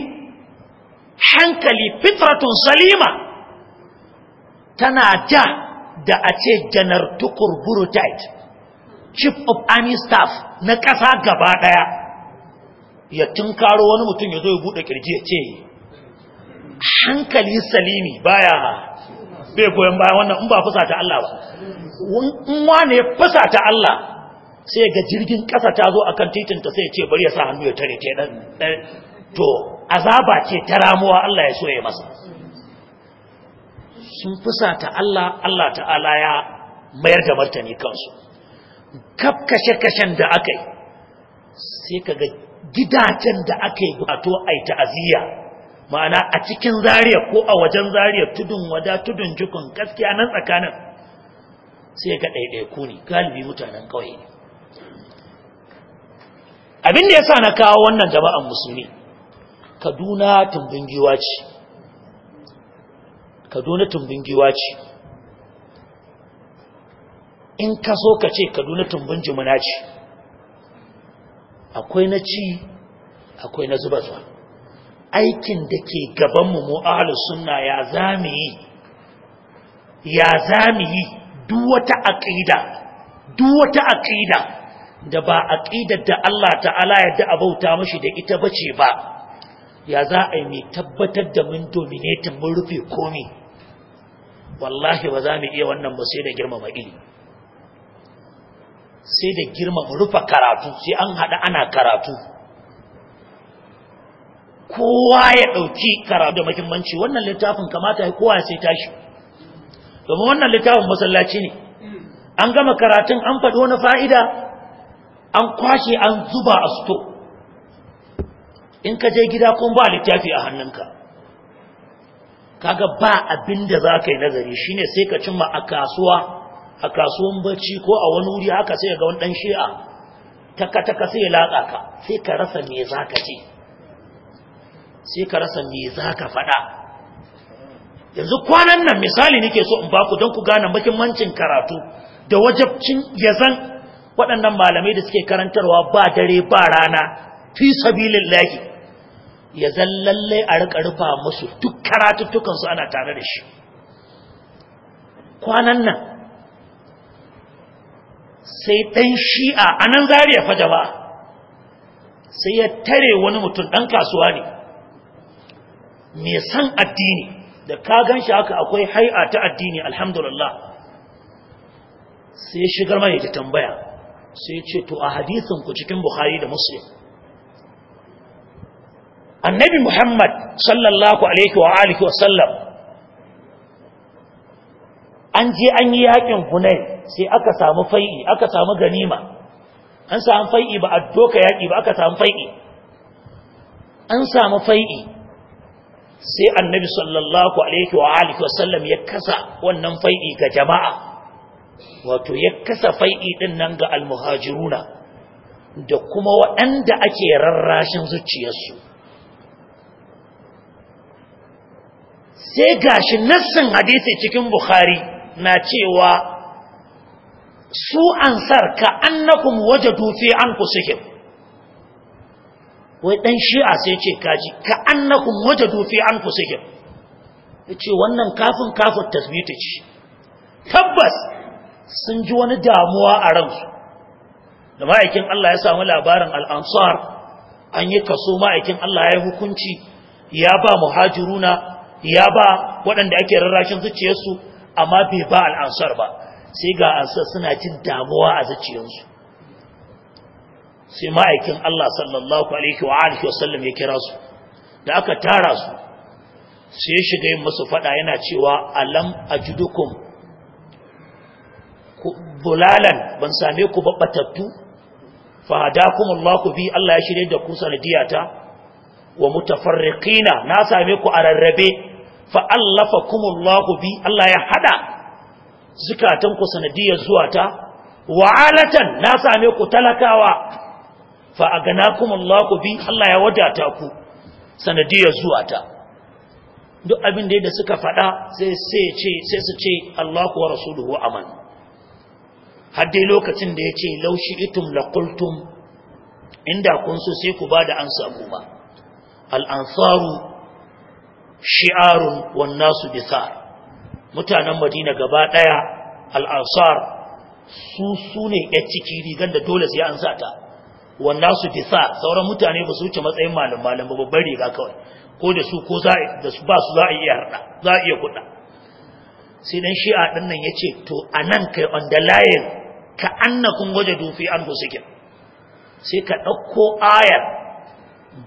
hankali fitratun salima tana ja da a ce janar tukur burutait chief of army staff na ƙasa gaba ɗaya ya tunkaro wani mutum ya zo ya bude kirji ya ce hankali salimi baya bai goyon baya wannan in ba fusa ta Allah ba in wane fusa ta Allah sai ga jirgin ƙasa ta zo akan titinta sai ya ce bari ya sa hannu ya tare ta to azaba ce ta ramuwa Allah ya so masa sun fusata Allah Allah ta'ala ya mayar da martani kansu kafkashe kashen da aka yi sai kaga gidajen da aka yi wato ai ta'aziyya ma'ana a cikin zariya ko a wajen zariya tudun wada tudun jukun gaskiya nan tsakanin sai ga ɗaiɗaiku ne galibi mutanen ƙauye ne abin da ya sa na kawo wannan jama'an musulmi kaduna tumbin giwa ce kaduna tumbin giwa ce in ka so ka ce kaduna tumbin jimina ce akwai na ci akwai na zuba zuwa aikin da ke gabanmu mu ahlus sunna ya zamiyi ya yi duk wata aqida duk wata aqida da ba aqidar da Allah ta'ala ya da abauta mashi da ita bace ba ya za a yi tabbatar da mun dominate mun rufe komai wallahi ba za mu iya wannan ba sai da girmama ilimi sai da girmama rufa karatu sai an haɗa ana karatu kowa ya ɗauki karatu da muhimmanci wannan littafin kamata ya kowa sai tashi domin wannan littafin masallaci ne an gama karatun an faɗi wani fa'ida an kwashe an zuba a sto in ka je gida kun ba littafi a hannunka kaga ba abin da za ka yi nazari shine sai ka cimma a kasuwa a kasuwan bacci ko a wani wuri haka sai ga wani dan shi'a taka taka sai laƙa ka sai ka rasa me zaka ce sai ka rasa me zaka faɗa yanzu kwanan nan misali nake so in ku don ku gane muhimmancin karatu da wajabcin yazan waɗannan malamai da suke karantarwa ba dare ba rana fi sabilillahi ya zallalle a rika rufa musu duk karatuttukan su ana tare da shi kwanan nan sai ɗan shi'a a nan zariya faja ba sai ya tare wani mutum ɗan kasuwa ne mai san addini da ka gan shi haka akwai hai'a ta addini alhamdulillah sai ya shigar mai ta tambaya sai ce to a hadisin ku cikin bukhari da muslim annabi muhammad sallallahu alaihi wa alihi wa sallam an je an yi yakin hunai sai aka samu fai'i aka samu ganima an samu fai'i ba a doka yaki ba aka samu fai'i an samu fai'i sai annabi sallallahu alaihi wa alihi wasallam ya kasa wannan fai'i ga jama'a wato ya kasa fai'i din nan ga almuhajiruna da kuma waɗanda ake rarrashin zuciyarsu sai gashi nassin hadisi cikin bukhari na cewa su ansar ka annakum wajadu fi anfusihim wai dan shi'a sai ce kaji ka annakum wajadu fi anfusihim yace wannan kafin kafin tasbita ce tabbas sun ji wani damuwa a ransu da ma'aikin Allah ya samu labarin al-ansar an yi kaso ma'aikin Allah ya yi hukunci ya ba muhajiruna ya ba waɗanda ake rarrashin zuciyarsu amma bai ba al'ansar ba sai ga ansar suna cin damuwa a zuciyarsu sai ma'aikin Allah sallallahu alaihi wa alihi wasallam ya kira su da aka tara su sai shiga yin musu fada yana cewa alam ajidukum bulalan ban same ku babbatattu fa Allahu bi Allah ya shirye da ku sanadiyata wa mutafarriqina na same ku a rarrabe fa'allafa kumullahu bi Allah ya haɗa zukatanku sanadiyar zuwa ta wa'alatan na same ku talakawa fa'aganakumullahu bi Allah ya wadata ku sanadiyar zuwa ta duk abin da suka faɗa sai sai su ce Allah kuwa rasuluhu aman har dai lokacin da ya ce laushi itum laƙultum inda kun so sai ku ba da an samu al'ansaru shi'arun wan nasu mutanen madina gaba daya al-ansar su sune yan ciki rigan da dole sai an sata wan nasu sauran mutane ba su wuce matsayin malam malam ba babbar riga kawai ko da su ko za da su ba su za a iya harda za a iya kuɗa sai dan shi'a din nan yace to anan kai on the line ka annakum wajadu fi anfusikum sai ka dauko ayar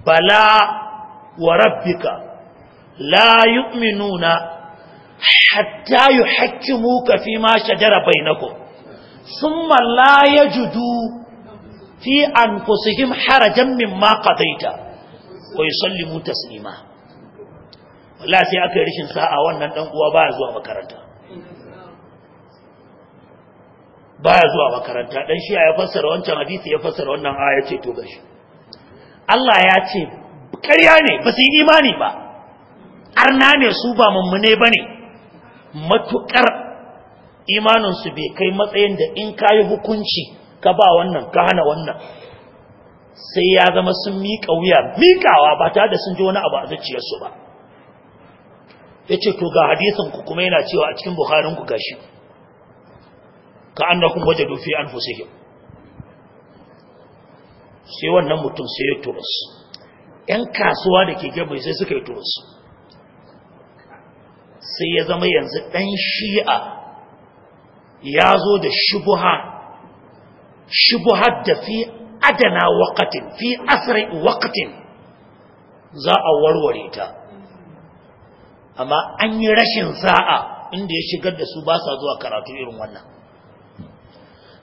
bala wa rabbika la yu'minuna hatta yuhakkimuka fi ma shajara bainakum thumma la yajidu fi anfusihim harajan mimma qadaita wa yusallimu taslima wallahi sai aka yi rishin sa'a wannan dan uwa baya zuwa makaranta baya zuwa makaranta dan shi ya fassara wancan hadisi ya fassara wannan aya ce to gashi Allah ya ce karya ne ba su yi imani ba arna ne su ba mummune ba ne matuƙar imaninsu bai kai matsayin da in ka yi hukunci ka ba wannan ka hana wannan sai ya zama sun miƙa wuya miƙawa ba tare da sun ji wani abu a zuciyarsu ba ya ce to ga hadisin ku kuma yana cewa a cikin buharin ku gashi ka an da kun waje dufi an fusihim sai wannan mutum sai ya turus ‘yan kasuwa da ke gabai sai suka yi turus’ sai ya zama yanzu ɗan shi'a ya zo da shubuha shubuhar da fi adana wakatin fi asirin wakatin za a warware ta amma an yi rashin sa'a inda ya shigar da su ba sa zuwa karatu irin wannan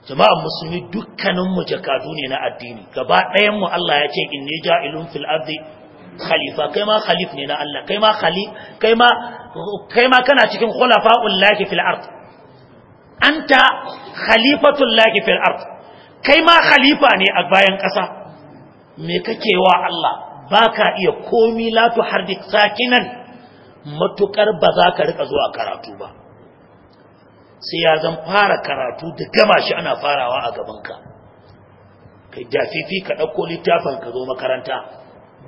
jama'an musulmi dukkaninmu jakadu ne na addini gaba ɗayanmu Allah ya ce inni ja'ilun fil ardi khalifa kai ma khalif ne na Allah kai ma khali kai ma kai ma kana cikin khulafa'ul lahi fil ard anta khalifatul lahi fil ard kai ma khalifa ne a bayan ƙasa me kake wa Allah baka iya komi la tu hardik sakinan matukar ba za ka rika zuwa karatu ba sai ya zan fara karatu da gama shi ana farawa a gabanka kai dafifi ka ɗauko littafin ka zo makaranta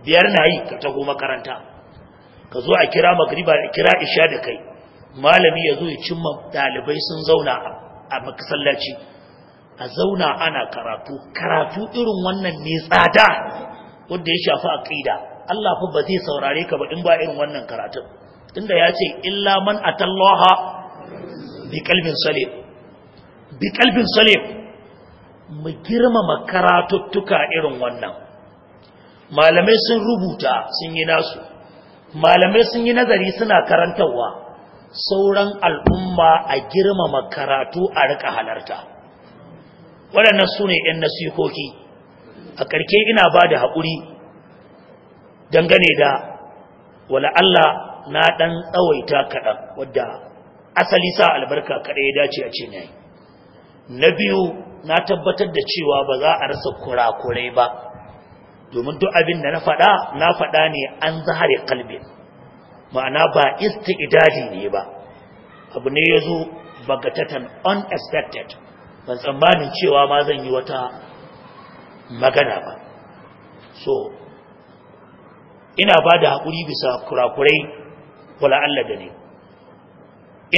biyar na yi ka taho makaranta ka zo a kira magriba da kira isha da kai malami ya zo ya cimma dalibai sun zauna a masallaci a zauna ana karatu karatu irin wannan ne tsada wanda ya shafi aqida Allah fa ba zai saurare ka ba in ba irin wannan karatun tunda ya ce illa man atallaha bi qalbin salim bi salim mu girmama karatuttuka irin wannan malamai sun rubuta sun yi nasu malamai sun yi nazari suna karantarwa sauran al'umma a girmama karatu a rika halarta waɗannan su ne ‘yan nasihoki a ƙarke ina ba da haƙuri dangane da wala Allah na ɗan tsawaita kaɗan wadda asali sa albarka kaɗa ya dace a ce na yi na biyu na tabbatar da cewa ba za a rasa kurakurai ba domin duk abin da na faɗa na faɗa ne an zahare kalbin ma'ana ba idadi ne ba abu ne ya zo bagatatan unexpected ban tsammanin cewa ma zan yi wata magana ba so ina bada hakuri haƙuri bisa kurakurai wala Allah da ne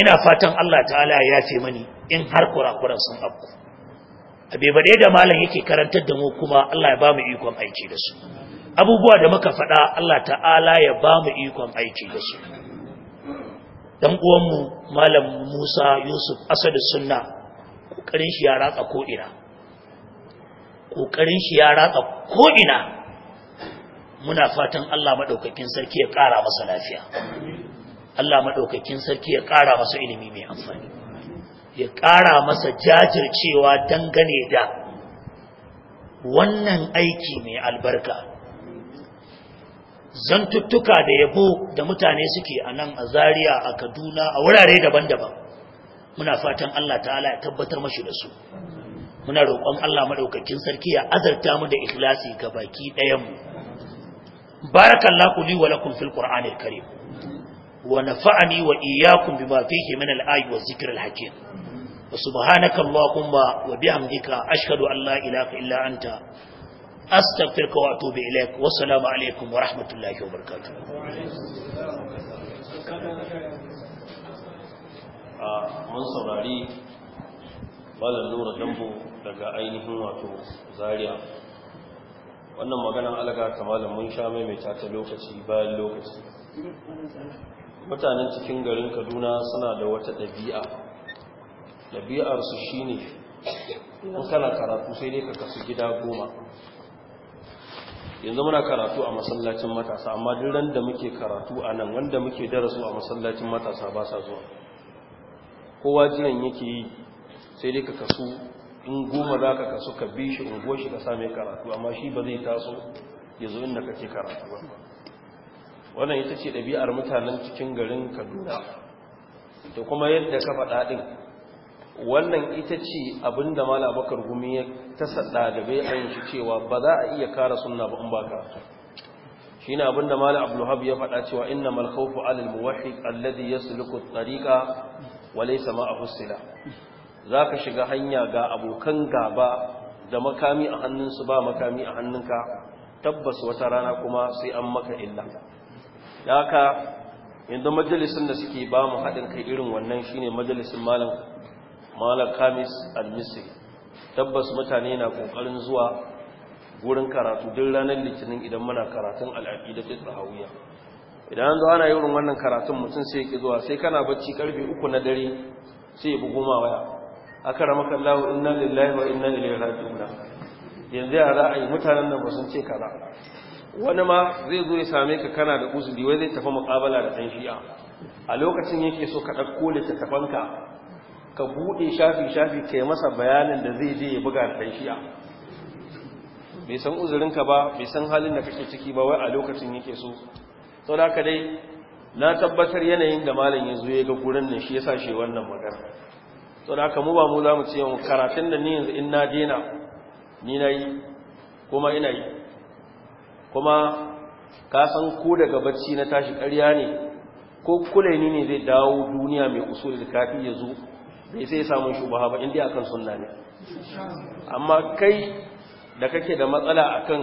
ina fatan Allah ta'ala ya ce mani in har kurakuran sun afku abebare da malam yake karantar da mu kuma Allah ya ba mu ikon aiki da su abubuwa da muka faɗa Allah ta'ala ya ba mu ikon aiki da su dan mu, malam Musa Yusuf Asadu Sunna kokarin shi ya ratsa ko ina kokarin shi ya ratsa ko ina muna fatan Allah madaukakin sarki ya ƙara masa lafiya Allah madaukakin sarki ya ƙara masa ilimi mai amfani ya ƙara masa jajircewa dangane da wannan aiki mai albarka zantuttuka da yabo da mutane suke a nan a Zariya, a kaduna a wurare daban-daban muna fatan allah ta'ala ya tabbatar mashi da su muna roƙon allah maɗaukakin sarki ya azarta mu da ikhlasi ga baki ɗayanmu barakallahu li wa lakum fil qur'anil karim ونفعني وإياكم بما فيه من wa zikirar hakim وسبحانك اللهم وبحمدك أشهد أن لا إله إلا أنت أستغفرك وأتوب إليك والسلام عليكم ورحمة الله وبركاته mun saurari malam nura dambo daga ainihin wato zaria wannan maganan alaga kamalin mun sha maimaita ta lokaci bayan lokaci mutanen cikin garin kaduna suna da wata ɗabi'a ɗabi'arsu shi ne in kana karatu sai dai ka kasu gida goma yanzu muna karatu a masallacin matasa amma duran da muke karatu a nan wanda muke darasu a masallacin matasa ba sa zuwa kowa jiran yake yi sai dai ka kasu in goma za ka kasu ka bi shi ungo shi ka same karatu amma shi ba zai taso ya zo inda kake karatu ba wannan ita ce ɗabi'ar mutanen cikin garin kaduna da kuma yadda ka faɗa ɗin wannan ita ce abinda mala bakar gumi ya tasadda da bai ayin shi cewa ba za a iya kara sunna ba in baka. shi ne abinda mala abdullahab ya faɗa cewa na malkaufu alal ya alladhi yasluku wale sama a ma'ahu Za zaka shiga hanya ga abokan gaba da makami a hannunsu ba makami a hannunka tabbas wata rana kuma sai an maka illa da yanzu majalisun da suke ba mu haɗin kai irin wannan shine majalisun malam mala kamis al-misri tabbas mutane na kokarin zuwa gurin karatu duk ranar litinin idan muna karatun al'aƙida ta tsahawiya idan an zo ana yi wannan karatun mutum sai ki zuwa sai kana bacci karfe uku na dare sai ya bugu ma waya aka rama kallahu inna lillahi wa inna ilaihi raji'un yanzu ya ra'ayi mutanen nan ba sun ce kaza wani ma zai zo ya same ka kana da uzuri wai zai tafi muqabala da ɗan shi'a a lokacin yake so ka ɗauko littattafanka ka buɗe shafi-shafi ka yi masa bayanin da zai je ya buga ɗan shi'a bai san uzurinka ba bai san halin da kake ciki ba wai a lokacin yake so sau da haka dai na tabbatar yanayin da malam ya zo ya ga gurin nan shi ya sa shi wannan magana sau da haka mu ba mu za mu ce karatun da ni yanzu in na dena ni na yi kuma ina yi kuma ka san ko daga bacci na tashi ƙarya ne ko kulaini ne zai dawo duniya mai usul da kafi ya zo bai sai samun shubaha ba indiya akan sunna ne amma kai da kake da matsala akan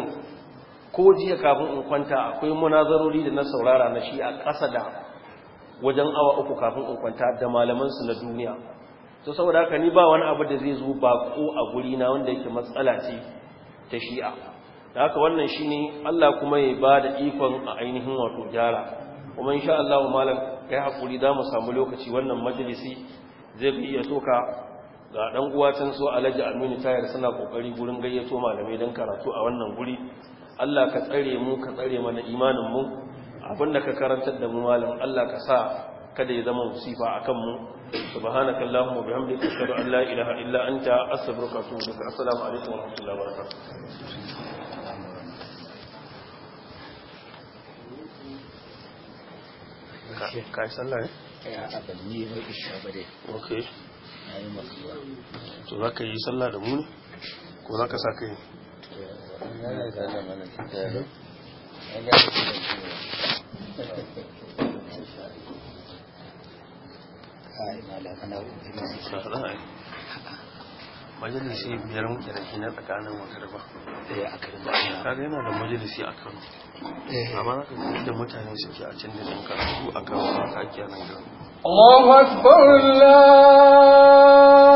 ko jiya kafin in kwanta akwai munazarori da na saurara na shi a ƙasa da wajen awa uku kafin in kwanta da malaman su na duniya to saboda haka ni ba wani abu da zai zo bako a guri na wanda yake matsala ce ta shi'a da haka wannan shine Allah kuma ya ba da ikon a ainihin wato gyara kuma insha Allah malam kai hakuri za mu samu lokaci wannan majalisi zai ga iya soka ga ɗan uwa can so alhaji aminu tayar suna kokari gurin gayyato malamai don karatu a wannan guri allah ka tsare mu ka tsare mana imanin mu abinda ka karantar da mu malam allah ka sa kada ya zama musifa a kanmu subhanaka allahumma bihamdika ashhadu an la ilaha illa anta astaghfiruka wa atubu ilaik assalamu alaikum wa rahmatullahi wa barakatuh kai sallah tsaya a balmi mai isha ba dai ok na yi masuwa to za ka yi sallah da muni ko za ka sa ka kai majalisi biyar muke da shi na tsakanin magarba ya eh, a kan bayan kaga yana da majalisi a kano eh. amma za ka da mutane suke a can da sun karatu a kan haka ake nan gano الله أكبر الله